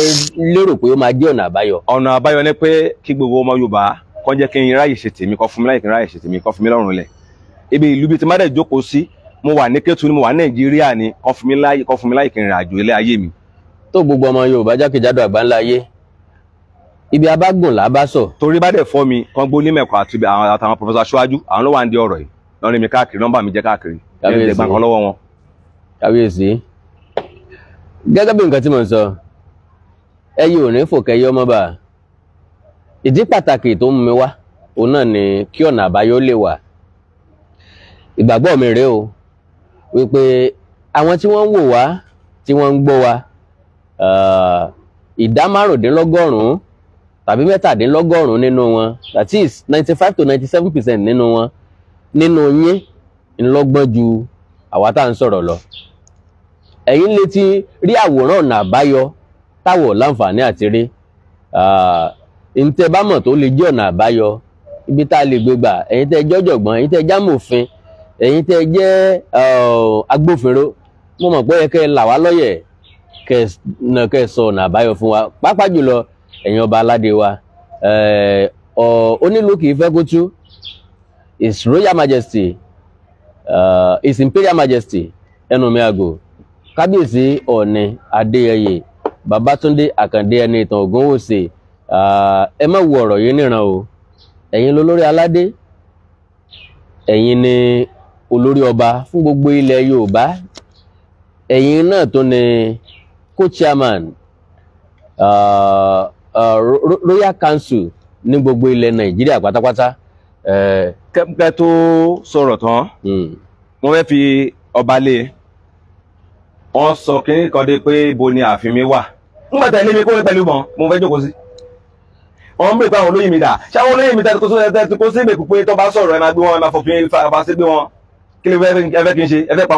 lérò pé ó máa jẹ́ ọ̀nà àbáyọ. ọ̀nà àbáyọ ni pé kí gbogbo ọmọ yorùbá kọ́ jẹ́ kí n ráyè ṣe tèmi kọ́ fún mi láyè kí n ráyè ṣe tèmi kọ́ fún mi lọ́rùn lẹ̀ ibi ìlú bíi ti má dẹ̀ jókòó sí mo wà ní Kétu ni mo wà ní nàìjíríà ni kọ́ fún mi láyè kọ́ fún mi láyè kí n rìn àjò ilé ayé mi. tó gbogbo ọmọ yorùbá jákèjádò àgbáńlá ayé ibi abágùn là bá sọ. torí bá dẹ̀ fọ́ mi kan gbó onímẹ̀kọ́ àti àtàwọn pọfẹ́sọ aṣáájú àwọn ló wà ń di ọ̀rọ̀ yìí lọ́n rí mi káàkiri nọ́mbà mi jẹ́ káàkiri ẹ̀ gbà kan lọ́wọ́ wọn. kábíyèsí gẹ́gẹ́ bí nǹkan tí mo ń sọ ẹyin ò ní fò kẹyẹ ọmọ bá ìdí pàtàkì tó mú mi wá òun náà ni kí ọ̀nà àbáyọ lè wà ìgbàgbọ́ mi rèé o wípé àwọn tí wọ́n ń wò wá tí wọ́n ń gbọ́ wa ìdá márùndínlọ́gọ́rùn-ún tàbí mẹ́tàdínlọ́gọ́rùn-ún nínú wọn that is ninety five to ninety seven percent nínú wọn nínú yín ńlọ́gbọ́n ju àwa tá à ń sọ̀rọ̀ lọ ẹ̀yin lè ti rí àwòrán ọ̀nà àbáyọ táwọ̀ láǹfààní àti rí ntẹ́ bá mọ̀ tó lè jẹ́ ọ̀nà àbáyọ ibi tá a lè gbé ẹ̀yin tẹ́ jọ́jọ̀gbọ́n ẹ̀yin tẹ́ jámòfin ẹ̀yin tẹ́ jẹ́ agbófinró mo mọ̀ pé ẹ kẹ́ là ọ̀nà àbáyọ fún wa pàápàá jùlọ ẹ̀yin ọba aládé wa eh, onílù kì í fẹ́ kó tú royal majesty uh, imperial majesty ẹnùmí àgò kábíyèsí ọ̀ọ̀ni adéyẹyè babatunde akande ẹni ìtàn ògúnwòsè eh, ẹ má wu ọ̀rọ̀ yìí nìran o ẹ̀yin lolórí aládé ẹ̀yin ni ọba fún gbogbo ilẹ̀ yorùbá ẹ̀yin náà tó ni chairman Uh, royal council ní gbogbo ilẹ̀ nàìjíríà pátápátá. kẹ́kẹ́ uh, tó sọ̀rọ̀ tán hmm. mo fẹ́ fi ọba lé e. wọn sọ kínní kan dé pé ibo ni ààfin mi wà nígbà tẹ̀lé mi kó wẹ́ pẹ̀lú mọ́ mo fẹ́ jókòó sí wọn bèrè pé àwọn olóyè mi dà ṣáwọn olóyè mi tẹ́tí kó sóyè tẹ́tí kó sí ìgbèkú pé tó bá sọ̀rọ̀ ẹ máa gbé wọn ẹ máa fọ kí fa sí gbé wọn kí lè fẹ́ kí n ṣe ẹ fẹ́ pa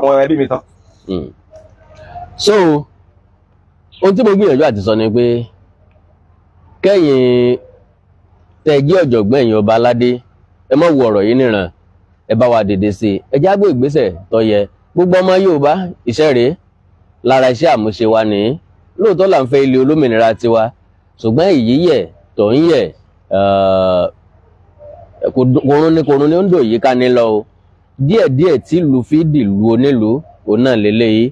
àwọn ẹbí mi tán. Hmm. so ohun tí mo gbìyànjú àti sọ ni pé kẹ́yìn tẹ́ jẹ́ ọ̀jọ̀gbọ́n ẹ̀yin ọba aládé ẹ má wo ọ̀rọ̀ yìí níran ẹ bá wa dèdè sí i ẹ já gbé ìgbésẹ̀ tó yẹ gbogbo ọmọ Yorùbá iṣẹ́ rèé lára iṣẹ́ àmúṣe wa ní lóòótọ́ là ń fẹ́ ilé olómìnira tiwa ṣùgbọ́n èyí yẹ tó ń yẹ korun ní korun ní ń dò yìí ní lọ o díẹ̀díẹ̀ tí ìlú fi dìlú onílùú òun náà lélẹ́yìí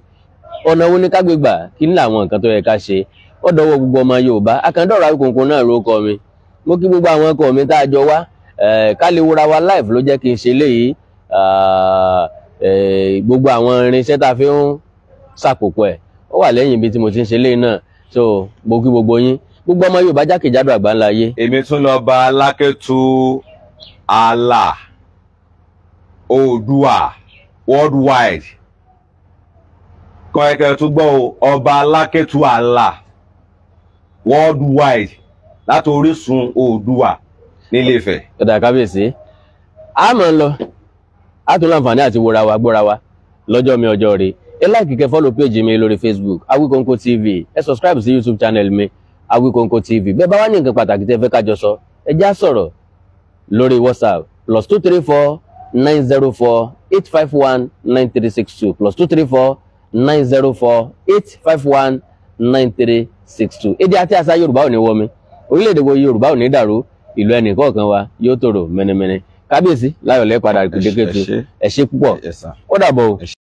ọ̀nà wo ni ká gbé gbà kí ní làwọn nǹkan tó yẹ ká ṣe ó dọwọ́ gbogbo ọmọ Yorùbá Akandọ̀rọ̀ Awikonko náà ló kọ mi mo kí gbogbo àwọn ọkọ mi tá a jọ wá ká lè wúra wa live ló jẹ́ kí n ṣe léyìí gbogbo àwọn irinṣẹ́ tá a fi ń ṣàpòpọ̀ ẹ̀ ó wà lẹ́yìn ibi tí mo ti ń ṣe léyìí náà so mo kí gbogbo yín gbogbo ọmọ Yorùbá jákèjádò àgbáńlá ayé. èmi tún lọ bá alákẹ́tù àlà oòdùà worldwide kọ́ẹ̀kẹ́ tó gbọ́ ọba alákẹ́tù àlà worldwide láti orísun oòdùà nílé-Ifẹ̀. ọ̀dà kábíyèsí a máa ń lọ a tún láǹfààní àti wòra wa gbọ́ra wa lọ́jọ́ mi ọjọ́ rẹ̀ ẹ láìkì kẹ́ fọ́lọ̀ péjì mi lórí Facebook Awikonko TV ẹ subscribe sí YouTube channel mi Awikonko TV bẹ́ẹ̀ bá wá ní nǹkan pàtàkì tẹ́ fẹ́ kájọ sọ ẹ já sọ̀rọ̀ lórí WhatsApp plus two three four nine zero four eight five one nine three six two plus two three four nine zero four eight five one nine three six two èdè àti àṣà yorùbá ò ní wọmi orílẹ̀-èdè wo yorùbá ò ní dàrú ìlú ẹnì kọ̀ọ̀kan wa yóò tòrò mẹ́nẹ́mẹ́nẹ́ kábíyèsí láyọ̀lẹ́ padà gbèdéke tu ẹ ṣé púpọ̀ ó dàbọ̀ o.